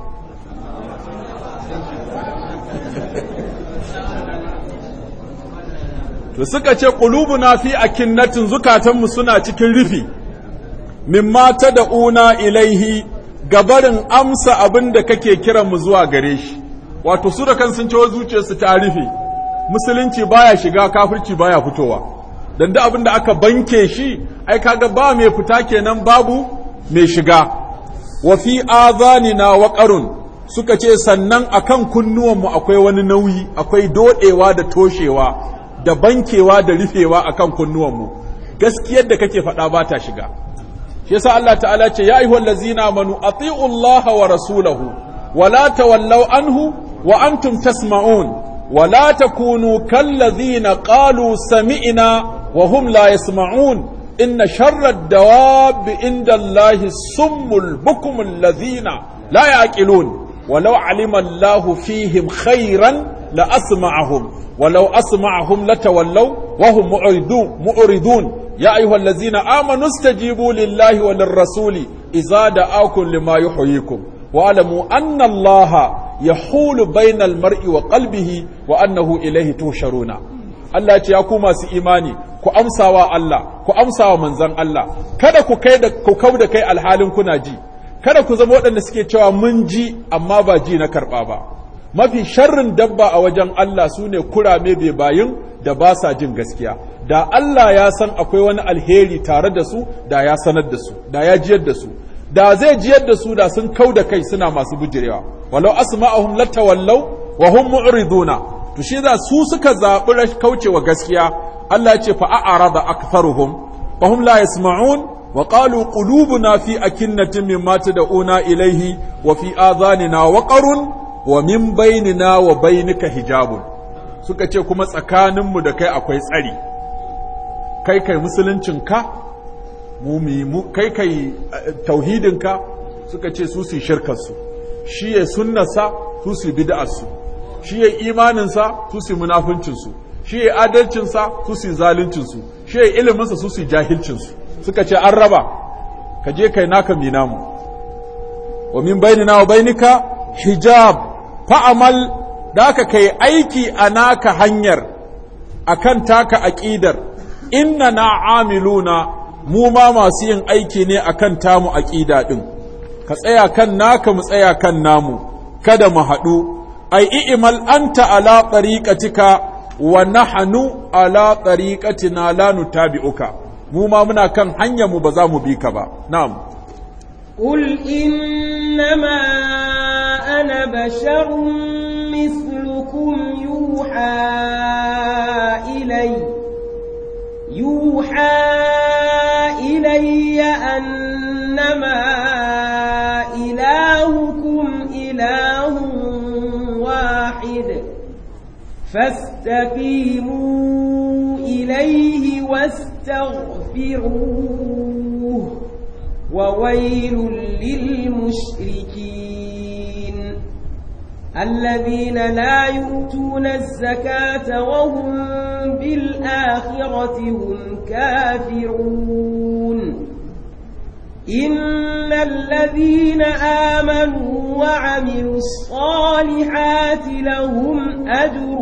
to suka ce na fi a kinnatin zukatanmu suna cikin rufi mimma ta una ilaihi gabarin amsa abin da kake kiranmu zuwa gare shi wato su da kan sun zuciyarsu ta rufe musulunci baya shiga kafirci baya fitowa don da abin da aka banke shi ai kaga ba mai fita kenan babu mai shiga wa fi adhanina waqarun suka ce sannan akan kunnuwanmu akwai wani nauyi akwai doɗewa da toshewa da bankewa da rufewa akan kunnuwanmu gaskiyar da kake faɗa ba ta shiga shi yasa Allah ta'ala ce ya ayyuhal ladzina amanu ati'u Allah wa rasulahu wa tawallaw anhu wa antum tasma'un wa la takunu kal ladzina qalu sami'na wa hum la yasma'un inna sharra ad-dawab inda Allahi summul bukum alladhina la yaqilun ولو علم الله فيهم خيرا لأسمعهم ولو أسمعهم لتولوا وهم معرضون, معرضون يا أيها الذين آمنوا استجيبوا لله وللرسول إذا دعاكم لما يحييكم واعلموا أن الله يحول بين المرء وقلبه وأنه إليه تهشرون Allah ce ya ku masu imani ku amsawa Allah ku amsawa manzan Allah kada ku kai da ku kau da kai alhalin kuna ji kada ku zama waɗanda suke cewa mun ji amma ba ji na karɓa ba mafi sharrin dabba a wajen Allah su sune kurame bai bayin da ba sa jin gaskiya da Allah ya san akwai wani alheri tare da su da ya sanar da su da ya jiyar da su da zai jiyar da su da sun kau da kai suna masu bujirewa walau asma'ahum latawallau wa hum mu'riduna to shi za su suka zaɓi wa gaskiya Allah ce fa da aktharuhum fa hum la yasma'un wa qalu qulubuna fi akinnatin mimma tad'una ilayhi wa fi adhanina waqarun wa min bainina wa bainika hijabun suka ce kuma tsakaninmu da kai akwai tsari kai kai ka mu kai kai eh, tauhidinka suka ce su su su shi ya sunnasa su su su shi ya imaninsa su su munafuncinsu shi ya adalcinsa su su zaluncinsu shi ya iliminsa su su jahilcinsu suka ce an raba ka je kai naka mina mu wa min bainina wa bainika hijab fa'amal da aka kai aiki a naka hanyar a kan taka aƙidar inna na amiluna mu ma masu yin aiki ne a kan tamu aƙida ɗin ka tsaya kan naka mu tsaya kan namu kada mu haɗu ai i'mal anta ala tariqatika wa nahnu ala tariqatina la nutabi'uka mu ma muna kan hanyar mu ba za mu bi ka ba na'am qul innama ana basharun mislukum yuha ilayya يوحى إلي أنما إلهكم إله واحد فاستقيموا إليه واستغفروه وويل للمشركين الذين لا يؤتون الزكاة وهم بالآخرة هم كافرون إن الذين آمنوا وعملوا الصالحات لهم أجر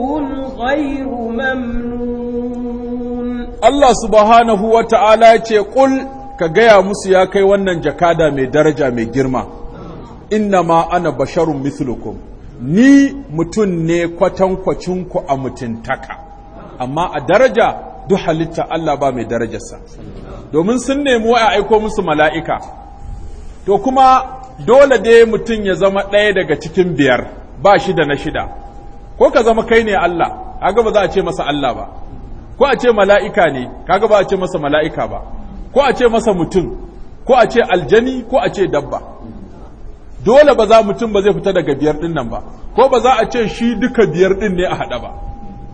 غير ممنون الله سبحانه وتعالى يقول كجيا مسيا كي ونن جكادا من درجة من جرمة إنما أنا بشر مثلكم ni mutum ne kwatankwacinku a mutuntaka amma a daraja duk halitta Allah ba mai darajarsa domin sun nemi waya aiko musu mala'ika to kuma dole dai mutum ya zama ɗaya daga cikin biyar ba shida na shida ko ka zama kai ne Allah kaga ba za a ce masa Allah ba ko a ce mala'ika ne kaga ba a ce masa mala'ika ba ko a ce masa mutum ko a ce aljani ko a ce dabba dole ba za mutum ba zai fita daga biyar ɗin nan ba ko ba za a ce shi duka biyar ɗin ne a haɗa ba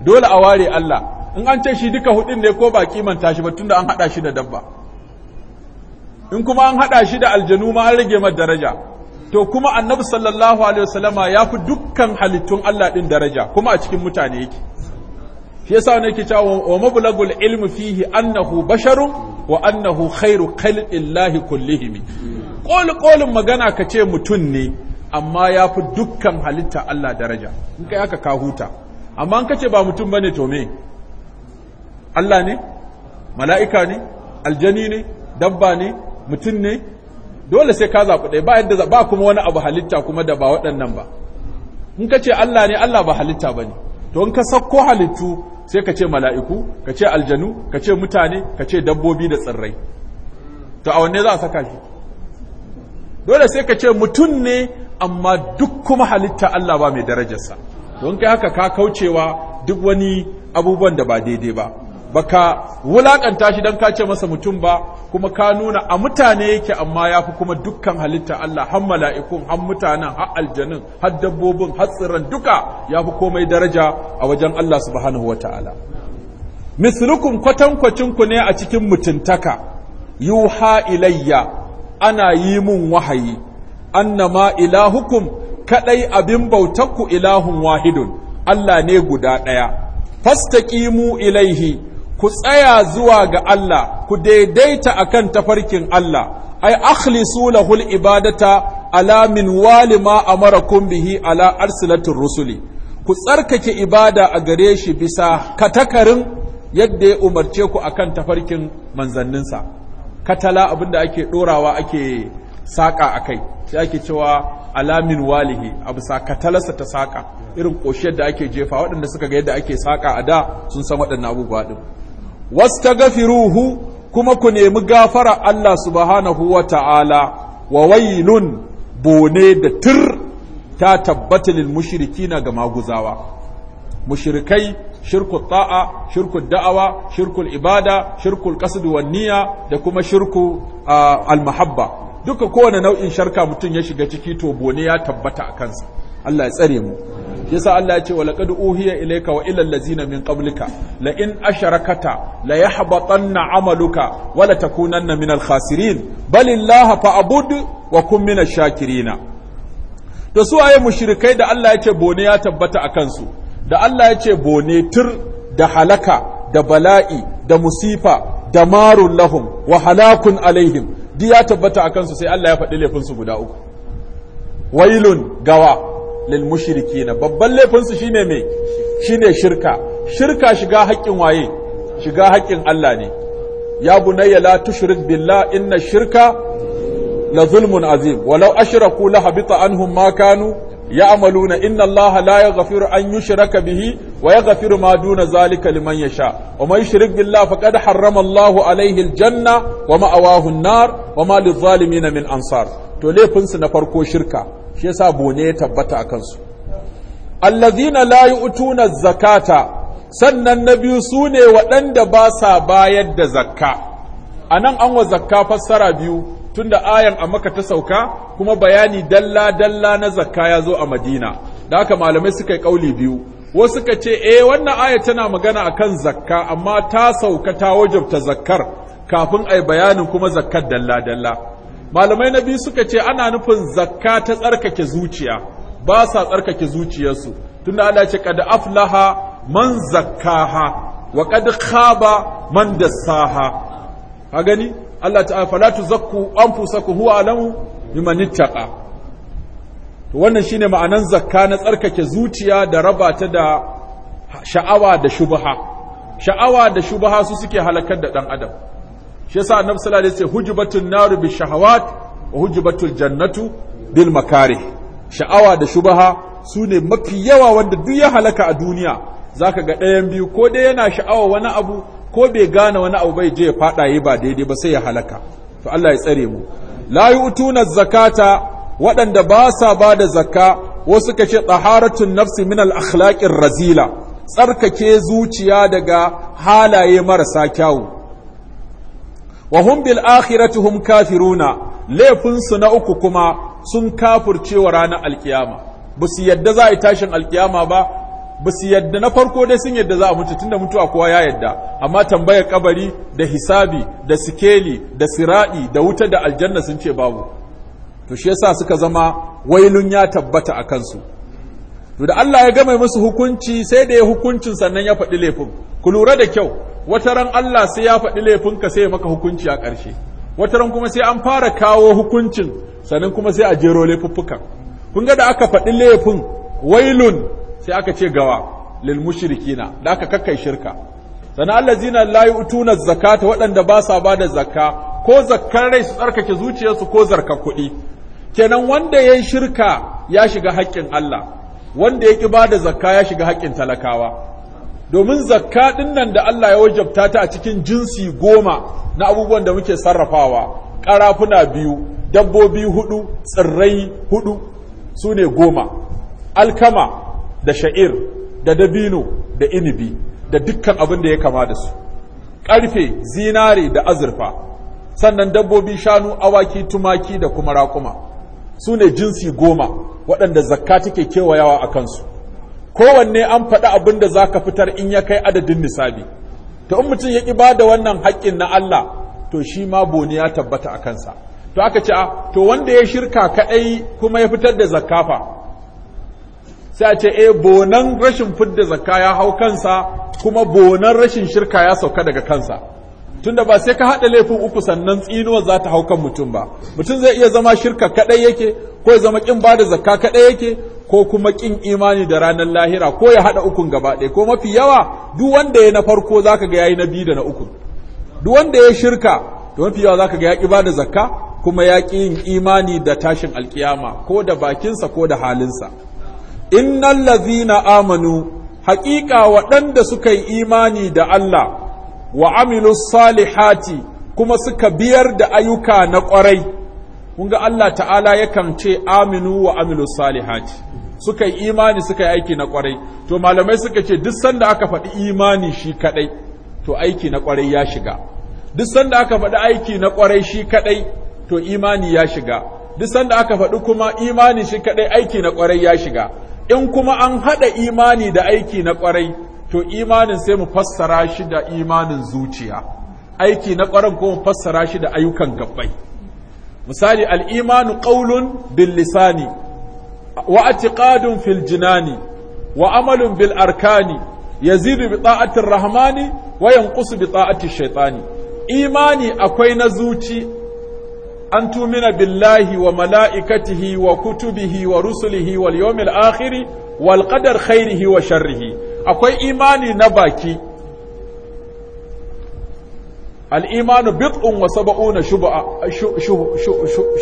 dole a ware Allah in an ce shi duka hudun ne ko ba kimanta shi ba tunda an hada shi da dabba in kuma an hada shi da aljanu ma an rage mai daraja to kuma annabi sallallahu alaihi wasallama ya fi dukkan halittun Allah din daraja kuma a cikin mutane yake shi yasa ne yake cewa wa mablagul ilmi fihi annahu basharun wa annahu khairu khalqillahi kullihim qul qolin magana kace mutun ne amma ya fi dukkan halitta Allah daraja in kai aka ka huta amma an kace ba mutum bane to me Allah ne mala'ika ne aljani ne dabba ne mutum ne dole sai ka zaɓi ɗaya ba yadda ba kuma wani abu halitta kuma da ba waɗannan ba in ka ce Allah ne Allah ba halitta ba ne to in ka sakko halittu sai ka ce mala'iku ka ce aljanu ka ce mutane ka ce dabbobi da tsirrai to a wanne za a saka shi dole sai ka ce mutum ne amma duk kuma halitta Allah ba mai darajarsa don kai haka ka kaucewa duk wani abubuwan da ba daidai ba baka wulakanta shi dan ka ce masa mutum ba kuma ka nuna a mutane yake amma ya fi kuma dukkan halitta Allah har mala'ikun har mutanen har aljanun har dabbobin har tsirran duka ya fi komai daraja a wajen Allah subhanahu wataala mislukum kwatankwacin ku ne a cikin mutuntaka yuha ilayya ana yi mun wahayi annama ilahukum kadai abin bautakku ilahun wahidun Allah ne guda daya fastaqimu ilaihi ku tsaya zuwa ga Allah ku daidaita akan tafarkin Allah ai akhlisu lahul ibadata ala min walima amarakum bihi ala arsalatir rusuli ku tsarkake ibada a gare shi bisa katakarin yadda ya umarce ku akan tafarkin manzanninsa katala abinda ake dorawa ake saka akai sai ake cewa alamin walihi a bisa katalarsa ta saka irin koshiyar da ake jefa waɗanda suka ga yadda ake saka a da sun san waɗannan abubuwa din wastaghfiruhu kuma ku nemi gafara Allah subhanahu wa ta'ala wa wailun bone da tir ta tabbata mushiriki na ga maguzawa mushrikai shirku ta'a shirku da'awa shirku ibada shirku kasuduwanniya, da kuma shirku al duka kowane nau'in sharka mutum ya shiga ciki to bone ya tabbata a kansa Allah ya tsare mu yasa Allah ya ce wa laqad uhiya ilayka wa ila allazina min qablika la in asharakata la yahbatanna amaluka wa la takunanna min al-khasirin bal illaha fa'bud wa kun min ash-shakirin to su aye mushrikai da Allah ya ce bone ya tabbata akan su da Allah ya ce bone tur da halaka da bala'i da musifa da marun lahum wa halakun alaihim di ya tabbata akan su sai Allah ya faɗi laifin su guda uku wailun gawa lil mushrikina babban laifinsu su shine me ne shirka shirka shiga haƙƙin waye shiga haƙƙin Allah ne ya bunayya la tushrik billah inna shirka la zulmun azim walau ashraku la habita anhum ma kanu ya'maluna inna Allah la yaghfiru an yushraka bihi wa ya ma duna zalika liman yasha wa man yushrik billah faqad harrama Allah alayhi aljanna wa ma'awahu an-nar wa ma lidh-dhalimin min ansar to laifinsu na farko shirka shi yasa bone ya tabbata a kansu allazina la yu'tuna zakata sannan na biyu su ne waɗanda ba sa bayar da zakka a nan an wa zakka fassara biyu tun da ayan a maka ta sauka kuma bayani dalla-dalla na zakka ya zo a madina da haka malamai suka yi ƙauli biyu wasu suka ce eh wannan aya tana magana akan zakka amma ta sauka ta wajabta zakkar kafin a yi bayanin kuma zakkar dalla-dalla malamai na biyu suka ce ana nufin zakka ta tsarkake zuciya ba sa tsarkake zuciyarsu tunda Allah ce kad aflaha man zakkaha wa kad khaba man dassaha ha gani Allah ta'ala fala tuzakku anfusakum huwa alamu biman ittaqa to wannan shine ma'anan zakka na tsarkake zuciya da raba ta da sha'awa da shubha sha'awa da shubha su suke halakar da ɗan adam shi yasa annabi sallallahu alaihi wasallam hujubatun naru bi shahawat wa hujubatul jannatu bil makarih sha'awa da shubaha sune mafi yawa wanda duk ya halaka a duniya zaka ga ɗayan biyu ko dai yana sha'awa wani abu ko bai gane wani abu bai je ya fada yi ba daidai ba sai ya halaka to Allah ya tsare mu la yu'tuna zakata waɗanda ba sa ba da zakka wasu ka ce taharatun nafsi min al-akhlaqir razila tsarkake zuciya daga halaye marasa kyawu wa hum bil akhirati hum kafiruna laifinsu na uku kuma sun kafurcewa ranar alkiyama ba su yadda za a yi tashin alkiyama ba ba su yadda na farko dai sun yadda za a mutu tunda mutuwa kowa ya yadda amma tambayar kabari da hisabi da sikeli da sira'i da wuta da aljanna sun ce babu to shi yasa suka zama wailun ya tabbata a kansu to da Allah ya gama musu hukunci sai da ya hukuncin sannan ya faɗi laifin ku lura da kyau wata ran Allah sai ya faɗi laifin ka sai ya maka hukunci a ƙarshe wata ran kuma sai an fara kawo hukuncin sannan kuma sai a jero laifuffuka kun ga da aka faɗi laifin wailun sai aka ce gawa lil mushrikina da aka kakkai shirka sannan allazina la yu'tuna zakata waɗanda ba sa ba da zakka ko zakkar rai su tsarkake zuciyarsu ko zarka kuɗi kenan wanda yayin shirka ya shiga haƙƙin Allah wanda ya ƙi ba da zakka ya shiga haƙƙin talakawa domin zakka ɗin nan da Allah ya wajabta ta a cikin jinsi goma na abubuwan da muke sarrafawa ƙarafuna biyu dabbobi hudu tsirrai hudu su ne goma alkama da sha'ir da dabino da inibi da dukkan abin da ya kama da su ƙarfe zinare da azurfa sannan dabbobi shanu awaki tumaki da kuma raƙuma su ne jinsi goma waɗanda zakka take kewayawa a kansu kowanne an faɗi abin da za ka fitar in ya kai adadin nisabi to in mutum ya ƙi ba da wannan haƙƙin na Allah to shi ma boni ya tabbata a kansa to aka ce a to wanda ya shirka kaɗai kuma ya fitar da zakkafa sai a ce eh bonan rashin fidda zakka ya hau kansa kuma bonan rashin shirka ya sauka daga kansa tunda ba sai ka haɗa laifin uku sannan tsinuwar za ta hau kan mutum ba mutum zai iya zama shirka kaɗai yake ko ya zama ƙin bada zakka kaɗai yake ko kuma ƙin imani da ranar lahira ko ya haɗa ukun gaba ɗaya ko mafi yawa duk wanda ya na farko za ka ga yayi na biyu da na uku duk wanda ya shirka to mafi yawa za ka ga ya ƙi bada zakka kuma ya ƙi yin imani da tashin alkiyama ko da bakinsa ko da halinsa innal ladhina amanu haƙiƙa waɗanda suka yi imani da Allah wa amilu salihati kuma suka biyar da ayyuka na ƙwarai Kunga ga Allah ta'ala yakan ce aminu wa amilu salihati suka yi imani suka yi aiki na ƙwarai to malamai suka ce duk sanda aka faɗi imani shi kaɗai to aiki na ƙwarai ya shiga duk sanda aka faɗi aiki na ƙwarai shi kaɗai to imani ya shiga duk sanda aka faɗi kuma imani shi kaɗai aiki na ƙwarai ya shiga in kuma an haɗa imani da aiki na ƙwarai to imanin sai mu fassara shi da imanin zuciya aiki na ƙwaron ko mu fassara shi da ayyukan gabbai misali al'imanu ƙaulun bil lisani wa atiqadun fil jinani wa amalun bil arkani yazidu bi ta'atir rahmani wa yanqusu bi ta'atir shaytani imani akwai na zuci an tumina billahi wa mala'ikatihi wa kutubihi wa rusulihi wal yawmil akhiri wal qadar khairihi wa sharrihi akwai imani na baki al'imanu bid'un wa shuba.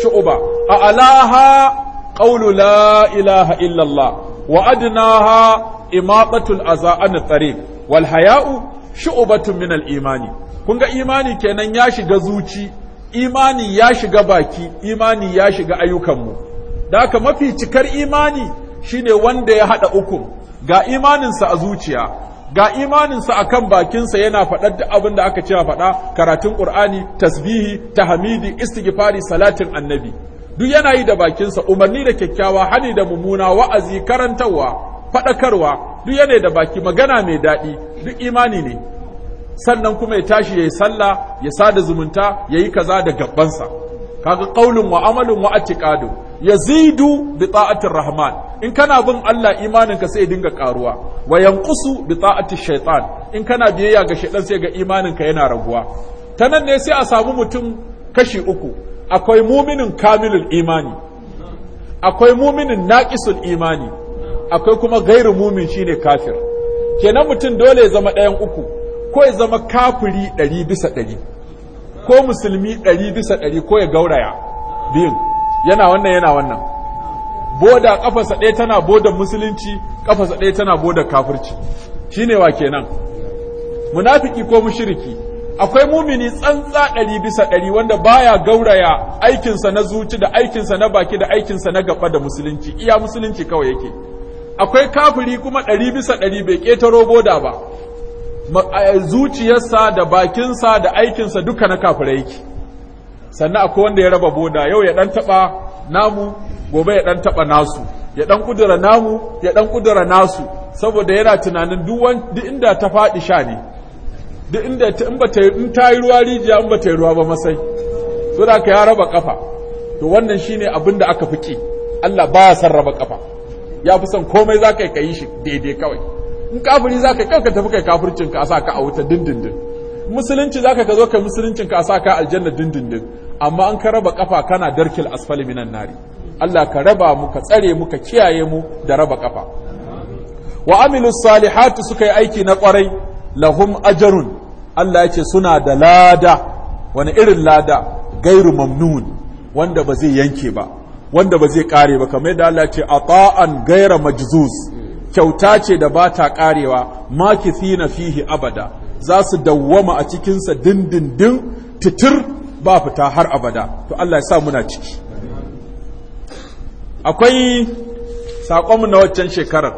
shu'uba a alaha ƙaunu la ilaha illallah wa adnaha imaqatul aza an tariq wal haya'u shu'batun min al imani kun ga imani kenan ya shiga zuci imani ya shiga baki imani ya shiga ayyukanmu da ka mafi cikar imani shine wanda ya haɗa ukun. ga imaninsa a zuciya ga imaninsa a kan bakinsa yana faɗar da abin da aka cewa faɗa karatun ƙur'ani tasbihi tahmidi istighfari salatin annabi duk yana yi da bakinsa umarni da kyakkyawa hani da mummuna wa'azi karantarwa faɗakarwa duk yana da baki magana mai daɗi duk imani ne sannan kuma ya tashi ya yi sallah ya sada zumunta ya yi kaza da gabansa kaga qaulun wa amalun wa atiqadu yazidu bi ta'atir rahman in kana bin Allah imanin ka sai dinga karuwa wa yanqusu bi ta'ati shaytan in kana biyayya ga shaytan sai ga imanin ka yana raguwa ta nan ne sai a samu mutum kashi uku akwai muminin kamilul imani akwai muminin naqisul imani akwai kuma gairu mumin shine kafir kenan mutum dole ya zama ɗayan uku ko ya zama kafiri ɗari bisa ɗari ko musulmi ɗari bisa ɗari ko ya gauraya biyun yana wannan yana wannan boda ƙafasa ɗaya tana boda musulunci ƙafasa ɗaya tana boda kafirci shi ne wa kenan munafiki ko mushiriki akwai mumini tsantsa ɗari bisa ɗari wanda baya gauraya aikinsa na zuci da aikinsa na baki da aikinsa na gaba da musulunci iya musulunci kawai yake akwai kafiri kuma ɗari bisa ɗari bai ƙetaro boda ba zuciyarsa da bakinsa da aikinsa duka na kafirai yake sannan akwai wanda ya raba boda yau ya dan taba namu gobe ya dan taba nasu ya dan kudura namu ya dan kudura nasu saboda yana tunanin duk inda ta faɗi sha ne duk inda in ba ta in ta yi ruwa rijiya in ba ta yi ruwa ba masai to da ka ya raba kafa to wannan shine abin da aka fiki Allah baya son raba kafa ya fi son komai za kai ka yi shi daidai kawai in kafiri za ka kanka tafi kai kafircin ka a sa ka a wuta dindindin musulunci za ka ka zo kai musuluncin ka a sa ka aljanna dindindin amma an ka raba kafa kana darkil asfali minan nari Allah ka raba mu ka tsare mu ka kiyaye mu da raba kafa wa amilu salihati suka yi aiki na kwarai lahum ajarun Allah ya suna da lada wani irin lada gairu mamnun wanda ba zai yanke ba wanda ba zai kare ba kamar yadda Allah ya ce ata'an gaira majzuz kyauta ce da ba ta ƙarewa makithina fihi abada za su dawwama a cikinsa dindindin titir ba fita har abada to Allah ya sa muna ciki akwai saƙonmu na waccan shekarar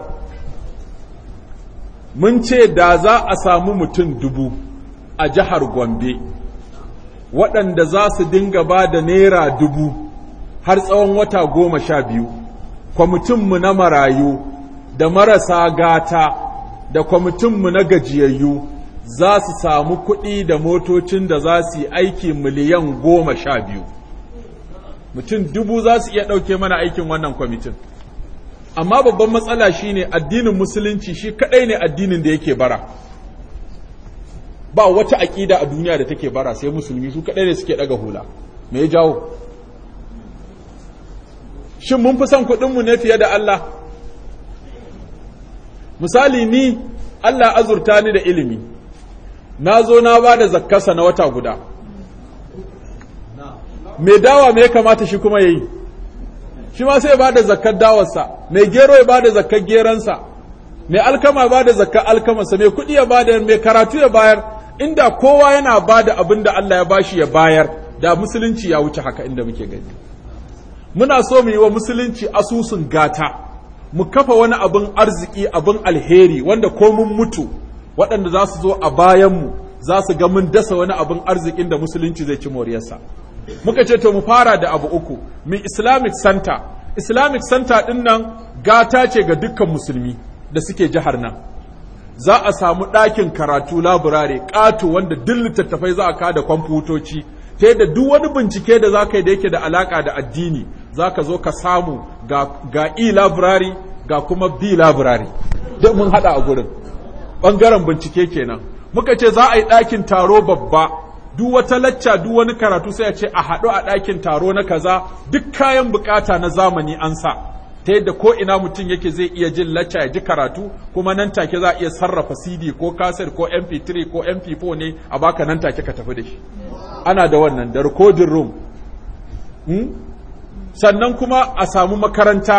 mun ce da za a samu mutum dubu a jihar gombe waɗanda za su dinga ba da naira dubu har tsawon wata goma sha biyu kwamitinmu na marayu da marasa gata da kwamitinmu na gajiyayyu za su samu kuɗi da motocin da za su yi aiki miliyan goma sha biyu mutum dubu za su iya ɗauke mana aikin wannan kwamitin amma babban matsala shine addinin musulunci shi kaɗai ne addinin da yake bara ba wata aƙida a duniya da take bara sai musulmi su kaɗai ne suke ɗaga hula mai jawo shin mun fi son kuɗinmu ne fiye da Allah misali ni Allah azurta ni da ilimi na zo na ba da zakkasa na wata guda mai dawa mai kamata shi kuma ya yi shi ma sai ba da zakkar dawarsa mai gero ya ba da zakkar geransa mai alkama ba da zakkar alkamarsa mai kuɗi ya ba da mai karatu ya bayar inda kowa yana ba da abin da Allah ya bashi ya bayar da musulunci ya wuce haka inda muke gani muna so mu yi wa musulunci asusun gata mu kafa wani abin arziki abin alheri wanda ko mun mutu waɗanda za su zo a bayanmu za su ga mun dasa wani abin arzikin da musulunci zai ci moriyarsa muka ce to mu fara da abu uku mu islamic center islamic center ɗin nan gata ce ga dukkan musulmi da suke jihar nan za a samu ɗakin karatu laburare ƙato wanda duk littattafai za a kada kwamfutoci ta da duk wani bincike da za ka yi da yake da alaƙa da addini za ka zo ka samu ga e library ga kuma b library duk mun hada a gurin bangaren bincike kenan muka ce za a yi ɗakin taro babba duk wata lacca duk wani karatu sai a ce a haɗu a ɗakin taro na kaza duk kayan bukata na zamani an sa ta yadda ko ina mutum yake zai iya jin lacca ya ji karatu kuma nan take za a iya sarrafa CD ko kaset ko MP3 ko MP4 ne a baka nan take ka tafi da shi ana da wannan da recording room hmm? sannan kuma a samu makaranta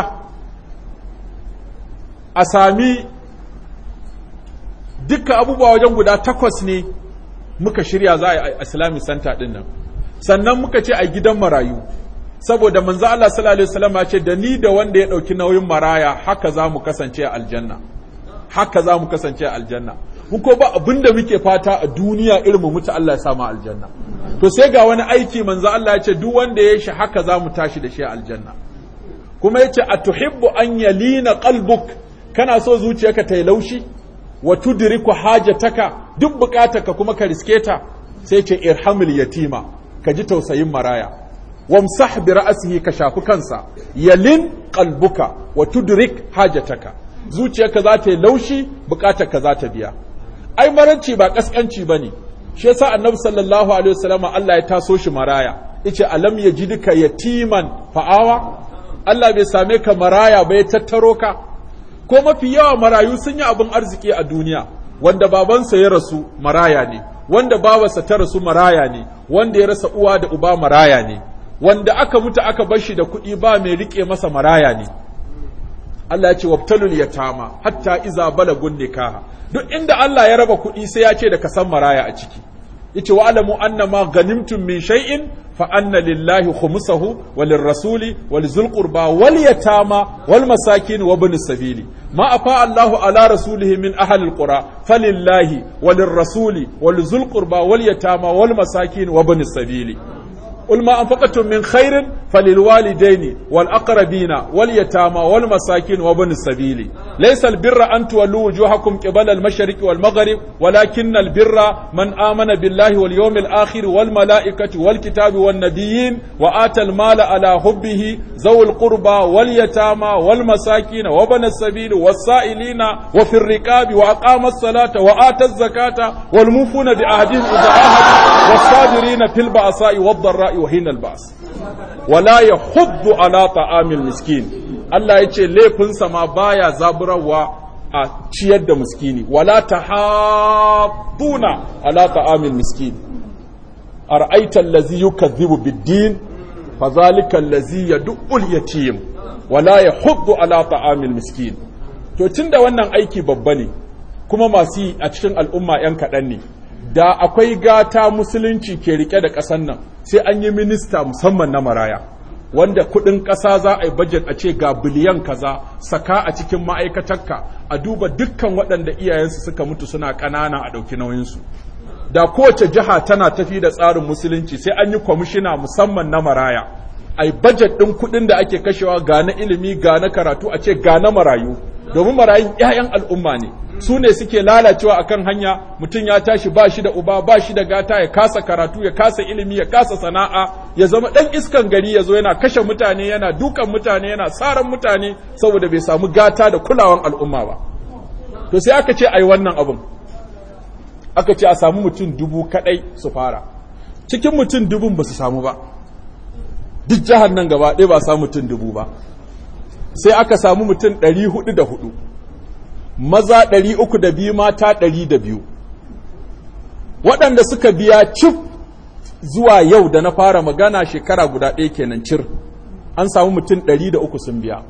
a sami dukkan abubuwa wajen guda takwas ne muka shirya za a yi islamic center ɗin nan sannan muka ce a gidan marayu saboda manzo Allah sallallahu alaihi wasallam ya ce da ni da wanda ya dauki nauyin maraya haka za mu kasance a aljanna haka za mu kasance a aljanna mu ko ba abinda muke fata a duniya irin mu mutu Allah ya sa aljanna to sai ga wani aiki manzo Allah ya ce duk wanda ya shi haka za mu tashi da shi aljanna kuma yace Tuhibbu an yalina qalbuk kana so zuciyarka ta yi laushi wa tudriku hajataka duk bukatarka kuma ka riske ta sai ce irhamul yatima ka ji tausayin maraya wamsah bi ra'sihi ka shafi kansa yalin qalbuka wa tudrik hajataka zuciyarka za ta yi laushi bukatarka za ta biya ai maranci ba kaskanci ne shi yasa annabi sallallahu alaihi wasallam Allah ya taso shi maraya yace alam ya ji yajidka yatiman fa'awa Allah bai same ka maraya ba ya tattaro ka ko mafi yawa marayu sun yi abin arziki a duniya wanda babansa ya rasu maraya ne wanda babansa ta rasu maraya ne wanda ya rasa uwa da uba maraya ne wanda aka mutu aka bar shi da kuɗi ba mai rike masa maraya ne Allah ya ce wabtalul yatama hatta iza balagun nikaha duk inda Allah ya raba kuɗi sai ya ce da kasan maraya a ciki yace wa alamu anna ma ganimtum min shay'in fa anna lillahi khumsahu wa lirrasuli wa lizul qurba wal yatama wal masakin wa ibn sabili ma afa Allahu ala rasulihi min ahli al qura falillahi wa lirrasuli wa qurba wal yatama wal masakin wa ibn sabili قل ما أنفقتم من خير فللوالدين والأقربين واليتامى والمساكين وابن السبيل ليس البر أن تولوا وجوهكم قبل المشرق والمغرب ولكن البر من آمن بالله واليوم الآخر والملائكة والكتاب والنبيين وآتى المال على حبه ذوي القربى واليتامى والمساكين وابن السبيل والسائلين وفي الركاب وأقام الصلاة وآتى الزكاة والموفون بأهدهم إذا عاهدوا والصابرين في البأساء والضراء wa hinal bas wala yahuddu ala ta'amil miskin Allah yace laifin sa ma baya zaburawa a ciyar da miskini wala tahadduna ala ta'amil miskin ara'aita allazi yukadhibu bid-din fadhalika allazi yad'u al-yatim wala yahuddu ala ta'amil miskin to tunda wannan aiki babba ne kuma masu yi a cikin al'umma 'yan kaɗan ne da akwai gata musulunci ke rike da ƙasan nan sai an yi minista musamman na maraya wanda kudin ƙasa za a yi budget a ce ga biliyan kaza saka a cikin ma'aikatarka a duba dukkan waɗanda iyayensu suka mutu suna ƙanana a ɗauki nauyinsu da kowace jiha tana tafi da tsarin musulunci sai an yi kwamishina musamman na maraya a yi budget ɗin kuɗin da ake kashewa ga na ilimi ga na karatu a ce ga na marayu domin marayun 'ya'yan al'umma ne su ne suke lalacewa akan hanya mutum ya tashi ba shi da uba ba shi da gata ya kasa karatu ya kasa ilimi ya kasa sana'a ya zama ɗan iskan gari ya zo yana kashe mutane yana dukan mutane yana saran mutane saboda bai samu gata da kulawan al'umma ba to sai aka ce ai wannan abin aka ce a samu mutum dubu kaɗai su fara cikin mutum dubu ba su samu ba duk jihar nan gaba ɗaya ba samu mutum dubu ba sai aka samu mutum 404 maza 302 mata biyu. waɗanda suka biya cif zuwa yau da na fara magana shekara guda ɗaya kenan cir an samu mutum 103 sun biya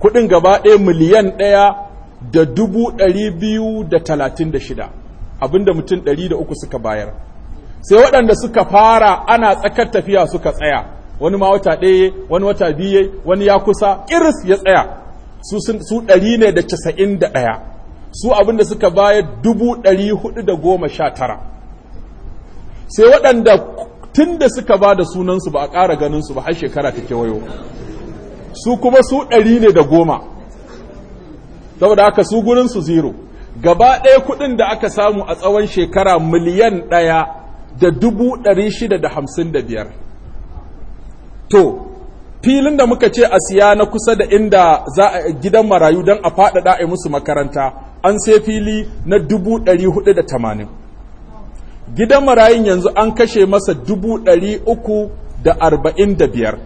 kuɗin gaba ɗaya miliyan ɗaya da dubu ɗari biyu da talatin da shida abinda mutum ɗari da uku suka bayar sai waɗanda suka fara ana tsakar tafiya suka tsaya wani ma wata ɗaya wani wata biye wani ya kusa iris ya tsaya su ɗari ne da casa'in da ɗaya su abin suka bayar dubu ɗari hudu da goma sha tara sai waɗanda tun da suka ba da sunansu ba a ƙara ganinsu ba har shekara ta kewayo su kuma su ɗari ne da goma saboda haka su gurinsu zero gaba ɗaya kuɗin da aka samu a tsawon shekara miliyan ɗaya da dubu ɗari shida da hamsin da biyar to filin da muka ce a siya na kusa da inda za a gidan marayu don a faɗaɗa a musu makaranta an sai fili na 480 gidan marayun yanzu an kashe masa 345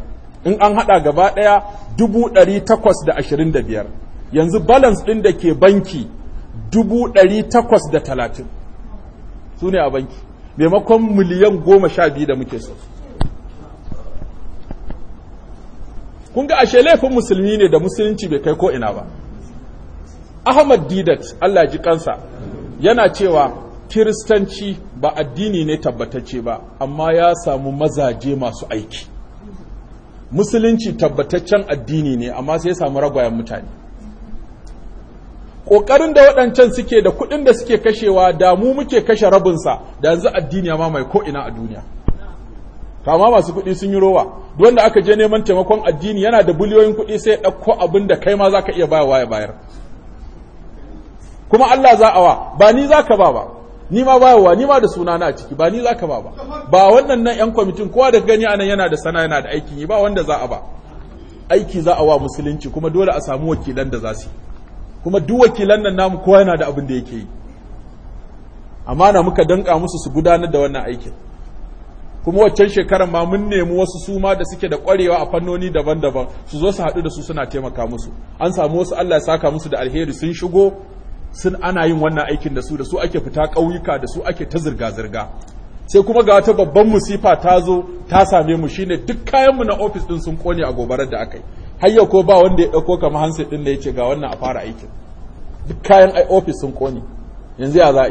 in an haɗa gaba ɗaya 825 yanzu balance ɗin da ke banki 830 su ne a banki maimakon miliyan 12 da muke so kun ga ashe laifin musulmi ne da musulunci bai kai ko ina ba ahmad didat allah ji kansa yana cewa kiristanci ba addini ne tabbatacce ba amma ya samu mazaje masu aiki musulunci tabbataccen addini ne amma sai ya samu ragwayen mutane ƙoƙarin da waɗancan suke da kuɗin da suke kashewa da mu muke kashe rabinsa da yanzu addini ma mai ko'ina a duniya Kama masu kuɗi sun yi rowa duk wanda aka je neman taimakon addini yana da biliyoyin kuɗi sai ya ɗauko abin da kai ma za ka iya bayarwa ya bayar kuma Allah za a wa ba ni za ba ba ni ma bayarwa ni ma da suna na a ciki ba ni za ba ba ba wannan nan yan kwamitin kowa da gani anan yana da sana yana da aiki. yi ba wanda za a ba aiki za a wa musulunci kuma dole a samu wakilan da za su kuma duk wakilan nan namu kowa yana da abin da yake yi amana muka danka musu su gudanar da wannan aikin kuma waccan shekarar ma mun nemi wasu suma da suke da kwarewa a fannoni daban-daban su zo su haɗu da su suna taimaka musu an samu wasu Allah ya saka musu da alheri sun shigo sun ana yin wannan aikin da su da su ake fita ƙauyuka da su ake ta zirga-zirga sai kuma ga wata babban musifa ta zo ta same mu shine duk kayanmu na ofis din sun kone a gobarar da aka yi har yau ko ba wanda ya ɗauko kamar hansi din da ya ce ga wannan a fara aikin duk kayan ofis sun kone yanzu ya za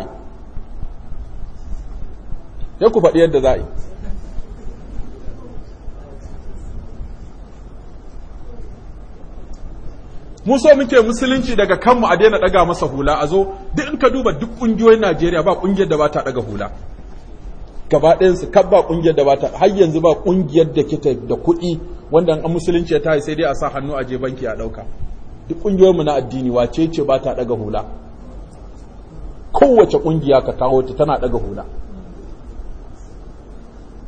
ya ku faɗi yadda za yi mu so muke musulunci daga kanmu a daina daga masa hula a zo duk in ka duba duk kungiyoyin Najeriya ba kungiyar da ba ta daga hula gaba ɗayansu kab ba kungiyar da ba ta har yanzu ba kungiyar da kita da kuɗi wanda an musulunci ya tayi sai dai a sa hannu a je banki a ɗauka duk kungiyoyinmu na addini wace ce ba ta daga hula kowace kungiya ka kawo ta tana daga hula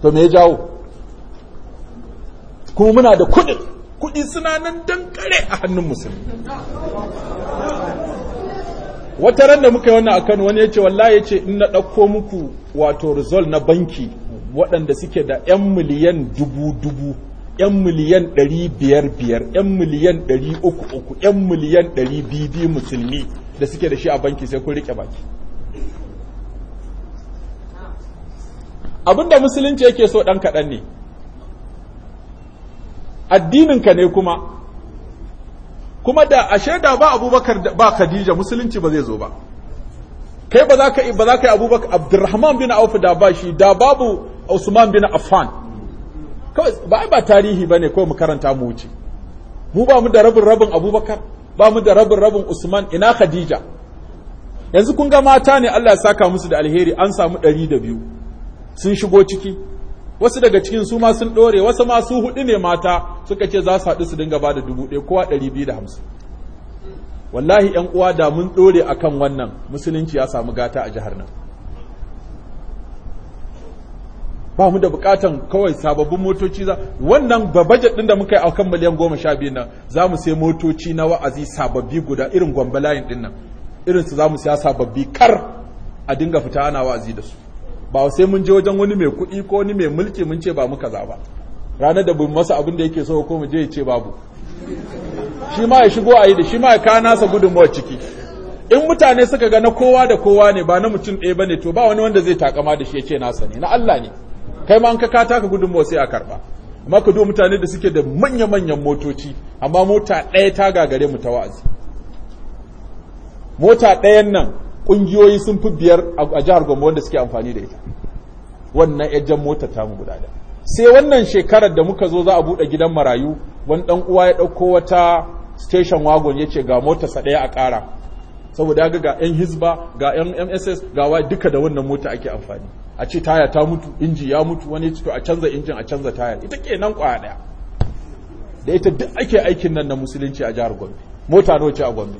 to me ya jawo kuma muna da kuɗin kuɗi suna nan dankare a hannun musulmi wata ran da muka yi wannan a Kano wani ya ce wallahi ya in na ɗauko muku wato result na banki waɗanda suke da 'yan miliyan dubu-dubu 'yan miliyan ɗari biyar-biyar 'yan miliyan ɗari uku-uku 'yan miliyan ɗari biyu musulmi da suke da shi a banki sai kun riƙe baki abinda musulunci yake so ɗan kaɗan ne addininka ne kuma kuma da ashe da ba abubakar ba khadija musulunci ba zai zo ba kai ba za ka ba za ka yi abubakar abdurrahman bin auf da ba shi da babu usman bin affan kawai ba ba tarihi ba ne kawai mu karanta mu wuce mu ba mu da rabin rabin abubakar ba mu da rabin rabin usman ina khadija yanzu kun ga mata ne allah ya saka musu da alheri an samu ɗari da biyu sun shigo ciki wasu daga cikin su ma sun dore wasu ma su hudu ne mata suka ce za su haɗu su dinga bada dubu ɗaya kowa ɗari biyu da hamsin wallahi ‘yan uwa da mun dore akan wannan musulunci ya samu gata a jihar nan ba mu da bukatan kawai sababbin motoci za wannan ba bajet din da muka yi a akan miliyan goma sha biyu nan za mu sai motoci na wa'azi sababbi guda irin gwambalayin din nan su za mu siya sababbi kar a dinga fita ana wa'azi da su ba sai mun je wajen wani mai kuɗi ko wani mai mulki mun ce ba mu za ba ranar da bin masa abin da yake so ko mu je ya ce babu shi ma ya shigo a yi da shi ma ya kawo nasa mawa ciki in mutane suka ga na kowa da kowa ne ba na mutum ɗaya ba ne to ba wani wanda zai takama da shi ya ce nasa ne na Allah ne kai ma an ka kata ka mawa sai a karɓa amma ka mutane da suke da manya-manyan motoci amma mota ɗaya ta gagare mu ta wa'azi mota ɗayan nan ƙungiyoyi sun fi biyar a jihar Gombe wanda suke amfani da ita wannan yajen motar tamu guda da sai wannan shekarar da muka zo za a buɗe gidan marayu wani ɗan uwa ya ɗauko wata station wagon ya ce ga sa ɗaya a ƙara saboda ga ga 'yan hizba ga 'yan mss ga wa duka da wannan mota ake amfani a ce taya ta mutu inji ya mutu wani to a canza injin a canza taya ita ke nan kwaya daya da ita duk ake aikin nan na musulunci a jihar gombe mota nawa ce a gombe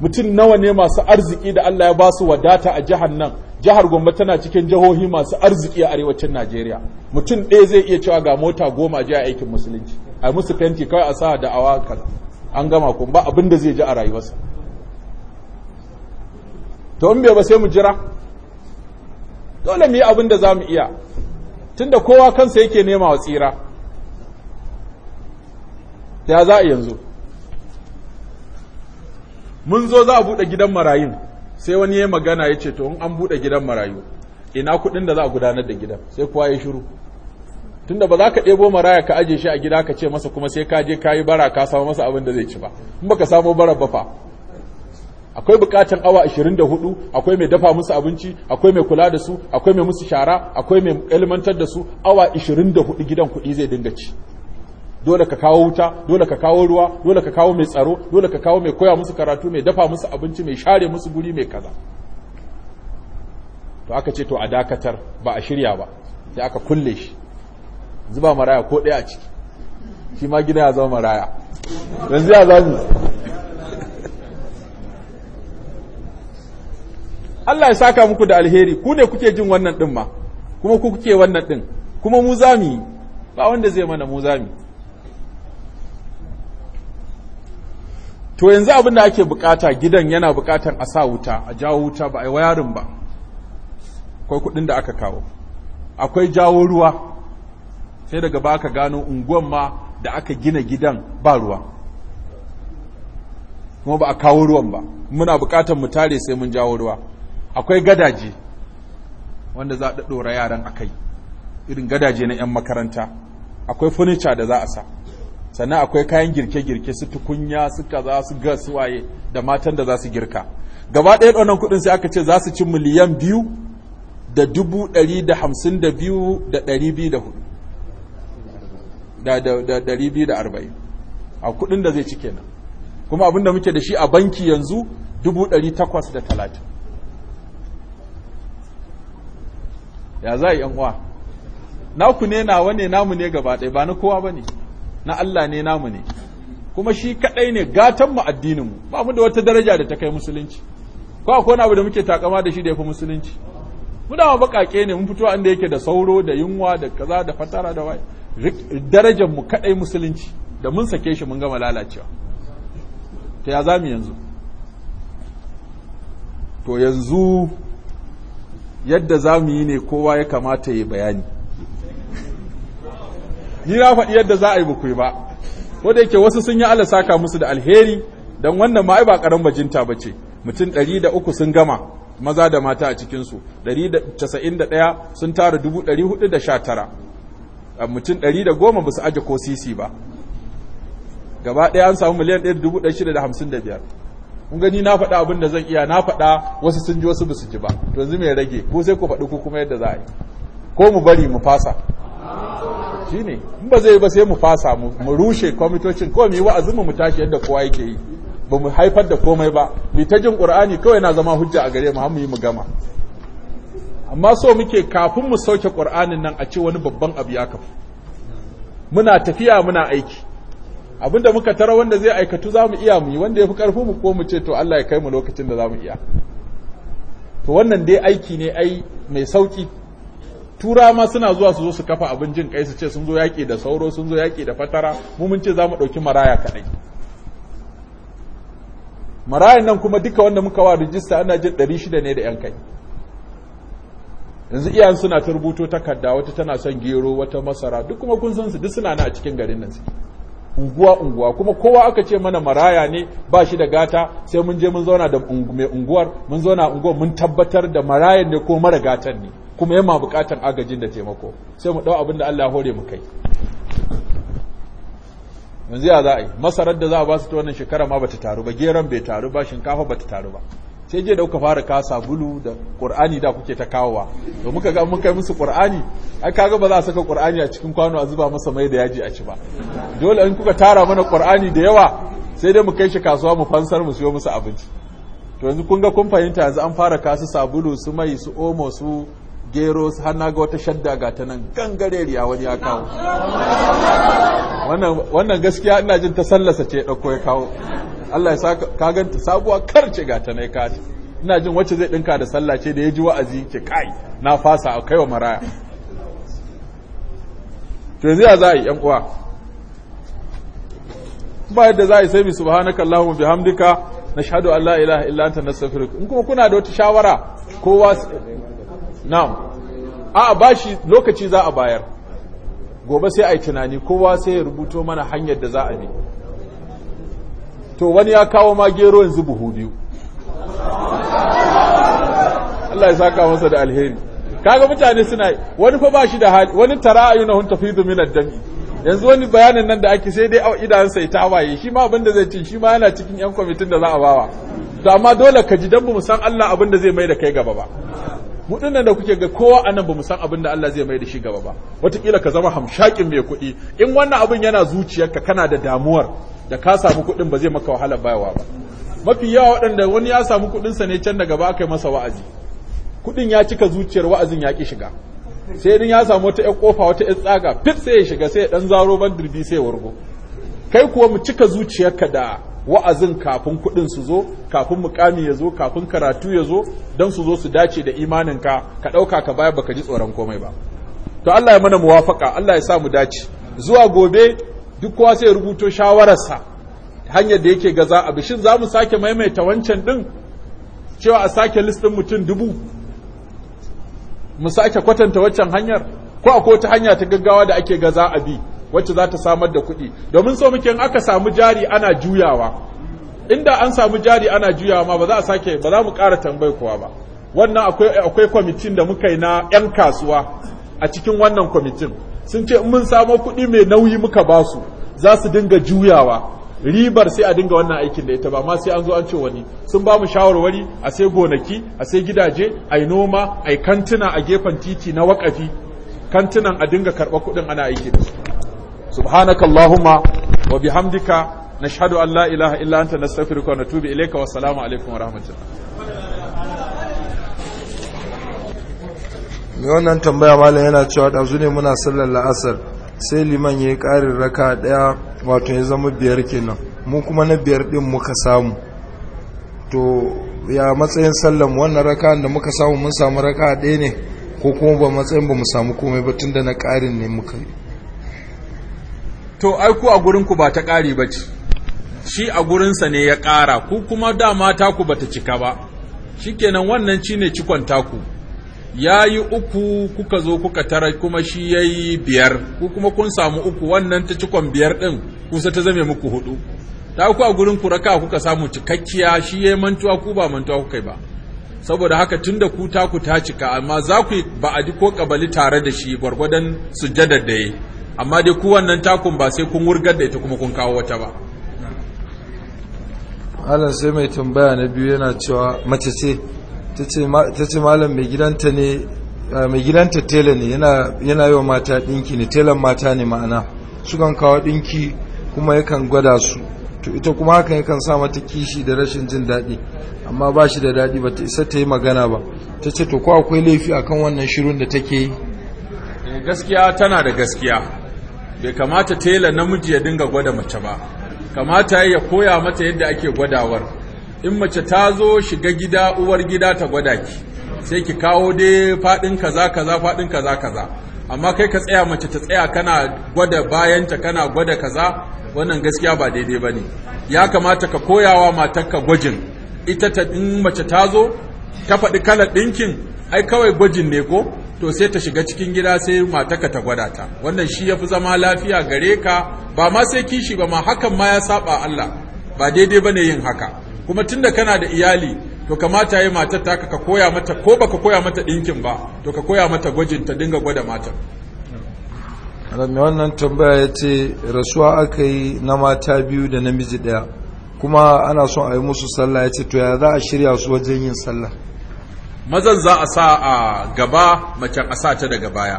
mutum nawa ne masu arziki da Allah ya ba su wadata a jihar nan jihar Gombe tana cikin jihohi masu arziki a arewacin Najeriya mutum ɗaya zai iya cewa ga mota goma je a aikin musulunci a musu fenti kawai a sa da awa an gama kun ba abin da zai ji a rayuwarsa to in bai ba sai mu jira dole mu yi abin da za mu iya tunda kowa kansa yake nema wa tsira ya za a yanzu mun zo za a buɗe gidan marayun sai wani ya magana ya ce to in an buɗe gidan marayu ina kuɗin da za a gudanar da gidan sai kuwa ya shiru tunda ba za ka ɗebo maraya ka aje shi a gida ka ce masa kuma sai ka je ka yi bara ka samu masa abin da zai ci ba in baka samu bara ba fa akwai bukatan awa 24 akwai mai dafa musu abinci akwai mai kula da su akwai mai musu shara akwai mai ilmantar da su awa 24 gidan kuɗi zai dinga ci dole ka kawo wuta dole ka kawo ruwa dole ka kawo mai tsaro dole ka kawo mai koya musu karatu mai dafa musu abinci mai share musu guri mai kaza to aka ce to a dakatar ba a shirya ba sai aka kulle shi zuba maraya ko ɗaya a ciki shi ma gida ya zama maraya yanzu ya zami Allah ya saka muku da alheri ku ne kuke jin wannan din ma kuma ku kuke wannan din, kuma mu zami ba wanda zai mana mu zami to yanzu abin da ake bukata gidan yana bukatan a sa wuta a jawo wuta ba a yi wayarin ba akwai kudin da aka kawo akwai jawo ruwa sai daga ba ka gano unguwan ma da aka gina gidan ba ruwa kuma ba a kawo ruwan ba muna bukatan mu tare sai mun jawo ruwa akwai gadaje wanda za a yaran a kai irin gadaje na 'yan makaranta akwai funica da za a sa sannan akwai kayan girke-girke su tukunya su kaza su gas waye da matan da za su girka gaba ɗaya ɗaunan kuɗin sai aka ce za su ci miliyan biyu da dubu ɗari da hamsin da biyu da ɗari biyu da hudu da ɗari biyu da arba'in a kuɗin da zai ci kenan kuma abin da muke da shi a banki yanzu dubu ɗari takwas da talatin ya za a yi uwa naku ne nawa ne namu ne gaba ɗaya ba na kowa ba ne na Allah ne namu ne kuma shi kadai ne gatan mu addinin mu ba mu da wata daraja da ta kai musulunci ko akwai wani abu da muke takama da shi da yafi musulunci muna ma bakake ne mun fito da yake da sauro da yunwa da kaza da fatara da waye darajar mu kadai musulunci da mun sake shi mun gama lalacewa To ya zamu yanzu to yanzu yadda zamu yi ne kowa ya kamata ya bayani ni na faɗi yadda za a yi bakwai ba ko da yake wasu sun yi ala saka musu da alheri don wannan ma'ai ai ba karan bajinta ce. mutum 300 sun gama maza da mata a cikinsu 191 sun tara 419 mutum 110 ba su aje ko sisi ba gaba ɗaya an samu miliyan 1,655 kun gani na faɗa abin da zan iya na faɗa wasu sun ji wasu ba su ji ba to yanzu mai rage ko sai ku faɗi ku kuma yadda za a yi ko mu bari mu fasa shine ne ba zai ba sai mu fasa mu rushe kwamitocin kawai mu yi mu tashi yadda kowa yake yi ba mu haifar da komai ba mu ta jin qur'ani kawai na zama hujja a gare mu har mu yi mu gama amma so muke kafin mu sauke qur'anin nan a ce wani babban abu ya kafu muna tafiya muna aiki abinda muka tara wanda zai aikatu zamu iya muyi yi wanda yafi karfi mu ko mu ce to Allah ya kai mu lokacin da zamu iya to wannan dai aiki ne ai mai sauki tura ma suna zuwa su zo su kafa abin jin kai su ce sun zo yaƙi da sauro sun zo yaƙi da fatara mu mun ce za mu ɗauki maraya kaɗai marayan nan kuma duka wanda muka wa rijista ana jin ɗari shida ne da ‘yan kai yanzu iyayen suna ta rubuto takarda wata tana son gero wata masara duk kuma kun san su duk suna na a cikin garin nan suke unguwa unguwa kuma kowa aka ce mana maraya ne ba shi da gata sai mun je mun zauna da mai unguwar mun zauna unguwar mun tabbatar da marayan ne ko mara gatan ne kuma yamma bukatan agajin da taimako sai mu dau abin da Allah hore mu kai yanzu ya za masarar da za a ba su ta wannan shekara ma bata taru ba geran bai taru ba shinkafa bata taru ba sai je da kuka fara ka sabulu da qur'ani da kuke ta kawowa to muka ga mun kai musu qur'ani ai kaga ba za a saka qur'ani a cikin kwano a zuba masa mai da yaji a ci ba dole in kuka tara mana qur'ani da yawa sai dai mu kai shi kasuwa mu fansar mu siyo musu abinci to yanzu kun ga kun fahimta yanzu an fara kasu sabulu su mai su omo su gero har na ga wata shadda ga ta nan gangareriya wani ya kawo wannan gaskiya ina jin ta sallasa ce ɗauko ya kawo Allah ya sa ka ganta sabuwa karce ga ta ne ka ina jin wacce zai ɗinka da sallah ce da ya ji wa'azi ke kai na fasa a kaiwa maraya to yanzu za a yi ‘yan uwa ba yadda za a yi sai bi subhanaka Allahumma bihamdika nashhadu an la ilaha illa anta nastaghfiruka in kuma kuna da wata shawara kowa na'am a shi lokaci za a bayar gobe sai a yi tunani kowa sai ya rubuto mana hanyar da za a bi to wani ya kawo ma gero yanzu buhu biyu Allah ya saka masa da alheri kaga mutane suna wani fa ba shi da hali wani tara'ayuna hun tafidu min ad-dami yanzu wani bayanin nan da ake sai dai idan sai ta waye shi ma abin da zai ci shi ma yana cikin yan kwamitin da za a bawa to amma dole ka ji dan mu san Allah abin da zai mai da kai gaba ba hudun da kuke ga kowa anan bamu san abin da Allah zai mai da shi gaba ba wataƙila ka zama hamshakin mai kuɗi in wannan abin yana zuciyarka kana da damuwar da ka samu kuɗin ba zai maka wahala bayawa ba mafi yawa waɗanda wani ya samu sa ne can da gaba aka yi masa wa'azi kuɗin ya cika zuciyar wa'azin ya ki shiga sai din ya samu wata ƴar kofa wata ƴar tsaga fit sai ya shiga sai ya dan zaro bandirbi sai ya wargo kai kuwa mu cika zuciyarka da wa'azin kafin kuɗin su zo kafin mukami ya zo kafin karatu ya zo don su zo su dace da imaninka ka ɗauka ka baya baka ji tsoron komai ba to Allah ya mana muwafaka Allah ya sa mu dace zuwa gobe duk kowa sai rubuto shawararsa hanyar da yake ga za a bishin za mu sake maimaita wancan ɗin cewa a sake ɗin mutum dubu mu sake kwatanta waccan hanyar ko akwai wata hanya ta gaggawa da ake ga za a bi wacce za ta samar da kuɗi domin so muke aka samu jari ana juyawa inda an samu jari ana juyawa ma ba za a sake ba za mu ƙara tambayi kowa ba wannan akwai kwamitin da muka yi na 'yan kasuwa a cikin wannan kwamitin sun ce in mun samo kuɗi mai nauyi muka ba su za su dinga juyawa ribar sai a dinga wannan aikin da ita ba ma sai an zo an ce wani sun ba mu shawarwari a sai gonaki a sai gidaje a yi noma a yi kantuna a gefen titi na wakafi kantunan a dinga karɓa kuɗin ana aiki da su subhanaka allahumma wa bihamdika nashhadu an la ilaha illa anta nastaghfiruka wa natubu ilayka wa assalamu wa rahmatullah mai wannan tambaya malam yana cewa ɗazu ne muna sallar la'asar sai liman ya yi ƙarin raka ɗaya wato ya zama biyar kenan mu kuma na biyar ɗin muka samu to ya matsayin sallar wannan raka da muka samu mun samu raka ɗaya ne ko kuma ba matsayin ba mu samu komai ba tun da na ƙarin ne muka yi to ai ku a gurinku ba ta ƙari ba ce shi a gurinsa ne ya ƙara ku kuma dama taku ba ta cika ba shikenan wannan ci ne cikon taku ya yi uku kuka zo kuka tara kuma shi ya yi biyar ku kuma kun samu uku wannan ta cikon biyar ɗin kusa ta zame muku hudu ta ku a gurin kuraka kuka samu cikakkiya shi ya yi mantuwa ku ba mantuwa kukai ba saboda haka tun da ku taku ta cika amma za ku yi ba'adi ko kabali tare da shi gwargwadon sujjadar da ya amma dai ku wannan takun ba sai kun wurgar da ita kuma kun kawo wata ba Allah sai mai tambaya na biyu yana cewa mace ce ta ce malam mai gidanta ne mai gidanta tela ne yana yi wa mata ɗinki ne telan mata ne ma'ana sukan kawo ɗinki kuma yakan gwada su to ita kuma hakan yakan sa mata kishi da rashin jin daɗi amma ba shi da daɗi ba ta isa ta yi magana ba ta ce to ko akwai laifi akan wannan shirin da take yi eh, gaskiya tana da gaskiya bai kamata tela namiji ya dinga gwada mace ba kamata ya koya mata yadda ake gwadawar in mace ta zo shiga gida uwar gida ta gwada ki sai ki kawo dai faɗin kaza kaza faɗin kaza kaza amma kai ka tsaya mace ta tsaya kana gwada bayanta kana gwada kaza wannan gaskiya ba daidai ba ne ya kamata ka koyawa matarka gwajin ita ta in mace ta zo ta faɗi kalar ɗinkin ai kawai gwajin ne ko to sai ta shiga cikin gida sai mataka ta gwada ta wannan shi yafi zama lafiya gare ka ba ma sai kishi ba ma hakan ma ya saba Allah ba daidai ba ne yin haka kuma tunda kana da iyali to kamata yayi matar taka ka koya mata ko baka koya mata ɗinkin ba to ka koya mata gwajin ta dinga gwada matar mai wannan tambaya ya ce rasuwa aka yi na mata biyu da namiji daya kuma ana son a yi musu sallah ya ce to ya za a shirya su wajen yin sallah mazan za a sa a gaba macen a sa ta daga baya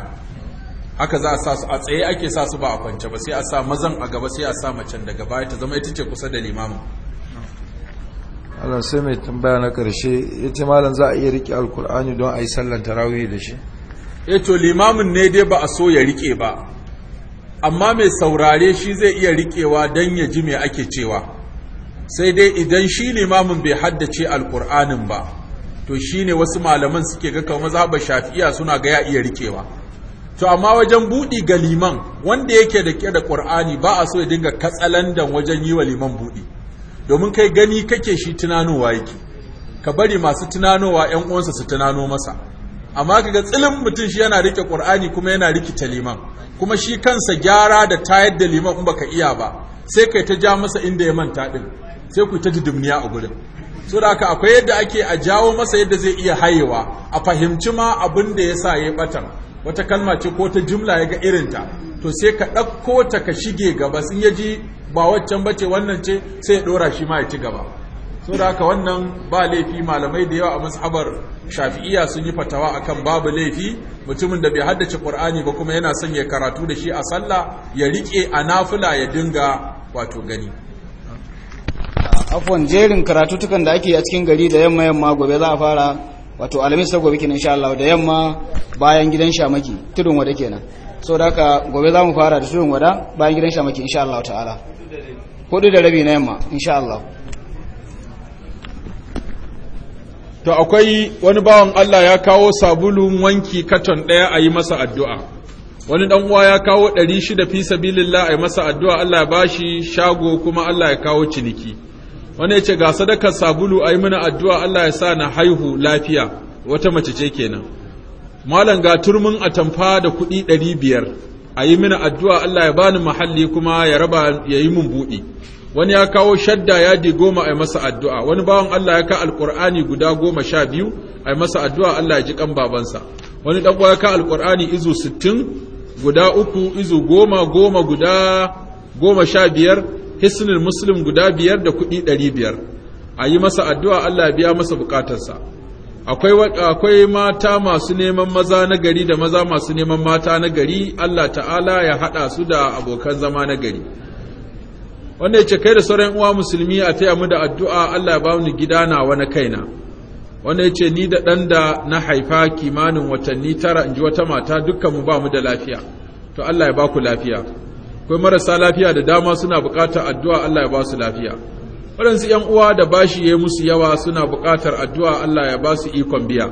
haka za a sa su a tsaye ake sa su ba a kwance ba sai a sa mazan a gaba sai a sa macen daga baya ta zama ita ce kusa da limamin Allah sai mai tambaya na ƙarshe yace ce malam za a iya rike alkur'ani don a yi sallan tarawih da shi e to limamin ne dai ba a so ya riƙe ba amma mai saurare shi zai iya riƙewa don ya ji me ake cewa sai dai idan shi limamin bai haddace alkur'anin ba to shi ne wasu malaman suke ga maza ba shafi'iya suna ga ya iya rikewa to amma wajen buɗi ga liman wanda yake da ke da ƙwar'ani ba a so ya dinga katsalandan wajen yi wa liman buɗi. domin kai gani kake shi tunanowa yake ka bari masu tunanowa 'yan'uwansa uwansa su tunano masa amma kaga tsilin mutum shi yana rike ƙwar'ani kuma yana rikita liman kuma shi kansa gyara da tayar da liman in baka iya ba sai kai ta ja masa inda ya manta din sai ku ta didimniya a gurin saboda haka akwai yadda ake a jawo masa yadda zai iya hayewa a fahimci ma abin da ya sa ya batar, wata kalma ce ko ta jumla ya ga irinta to sai ka ɗauko ta ka shige gaba sun ya ji ba waccan bace wannan ce sai ya ɗora shi ma ya ci gaba so da haka wannan ba laifi malamai da yawa a mashabar shafi'iya sun yi fatawa akan babu laifi mutumin da bai haddace qur'ani ba kuma yana son ya karatu da shi a sallah ya rike a nafila ya dinga wato gani afwan jerin karatutukan da ake a cikin gari da yamma yamma gobe za a fara wato alamis ta gobe kenan insha Allah da yamma bayan gidan shamaki tudun wada kenan so da haka gobe za mu fara da tudun wada bayan gidan shamaki insha Allah ta'ala hudu da rabi na yamma insha Allah to akwai wani bawan Allah ya kawo sabulun wanki katon daya a yi masa addu'a wani dan uwa ya kawo ɗari shida fi sabilillah a yi masa addu'a Allah ya bashi shago kuma Allah ya kawo ciniki wani ya ce ga sadakar sabulu a yi mana addu'a Allah ya sa na haihu lafiya wata mace ce kenan malam ga turmin tamfa da kuɗi ɗari biyar a yi mana addu'a Allah ya bani mahalli kuma ya raba ya yi mun buɗi wani ya kawo shadda yadi goma a yi masa addu'a wani bawan Allah ya ka alƙur'ani guda goma sha biyu a yi masa addu'a Allah ya ji kan babansa wani ɗanɓo ya ka alƙur'ani izu sittin guda uku izu goma goma guda goma sha biyar hisnul muslim guda biyar da kuɗi ɗari biyar a yi masa addu'a Allah biya masa bukatarsa akwai mata masu neman maza na gari da maza masu neman mata na gari Allah ta'ala ya haɗa su da abokan zama na gari wanda ya kai da sauran uwa musulmi a taya mu da addu'a Allah ya ba mu gida na wani kaina wanda ya ni da ɗan da na haifa kimanin watanni tara in ji wata mata dukkan mu ba mu da lafiya to Allah ya ba ku lafiya akwai marasa lafiya da dama suna buƙatar addu'a Allah ya ba su lafiya waɗansu ‘yan uwa da bashi ya musu yawa suna buƙatar addu'a Allah ya ba su ikon biya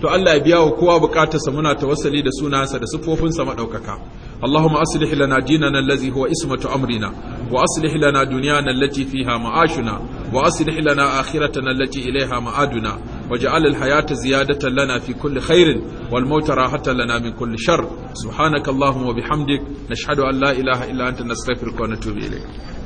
to Allah ya biya wa kowa buƙatarsa muna tawassali da sunansa da siffofinsa maɗaukaka اللهم أصلح لنا ديننا الذي هو اسمة أمرنا وأصلح لنا دنيانا التي فيها معاشنا وأصلح لنا آخرتنا التي إليها معادنا واجعل الحياة زيادة لنا في كل خير والموت راحة لنا من كل شر سبحانك اللهم وبحمدك نشهد أن لا إله إلا أنت نستغفرك ونتوب إليك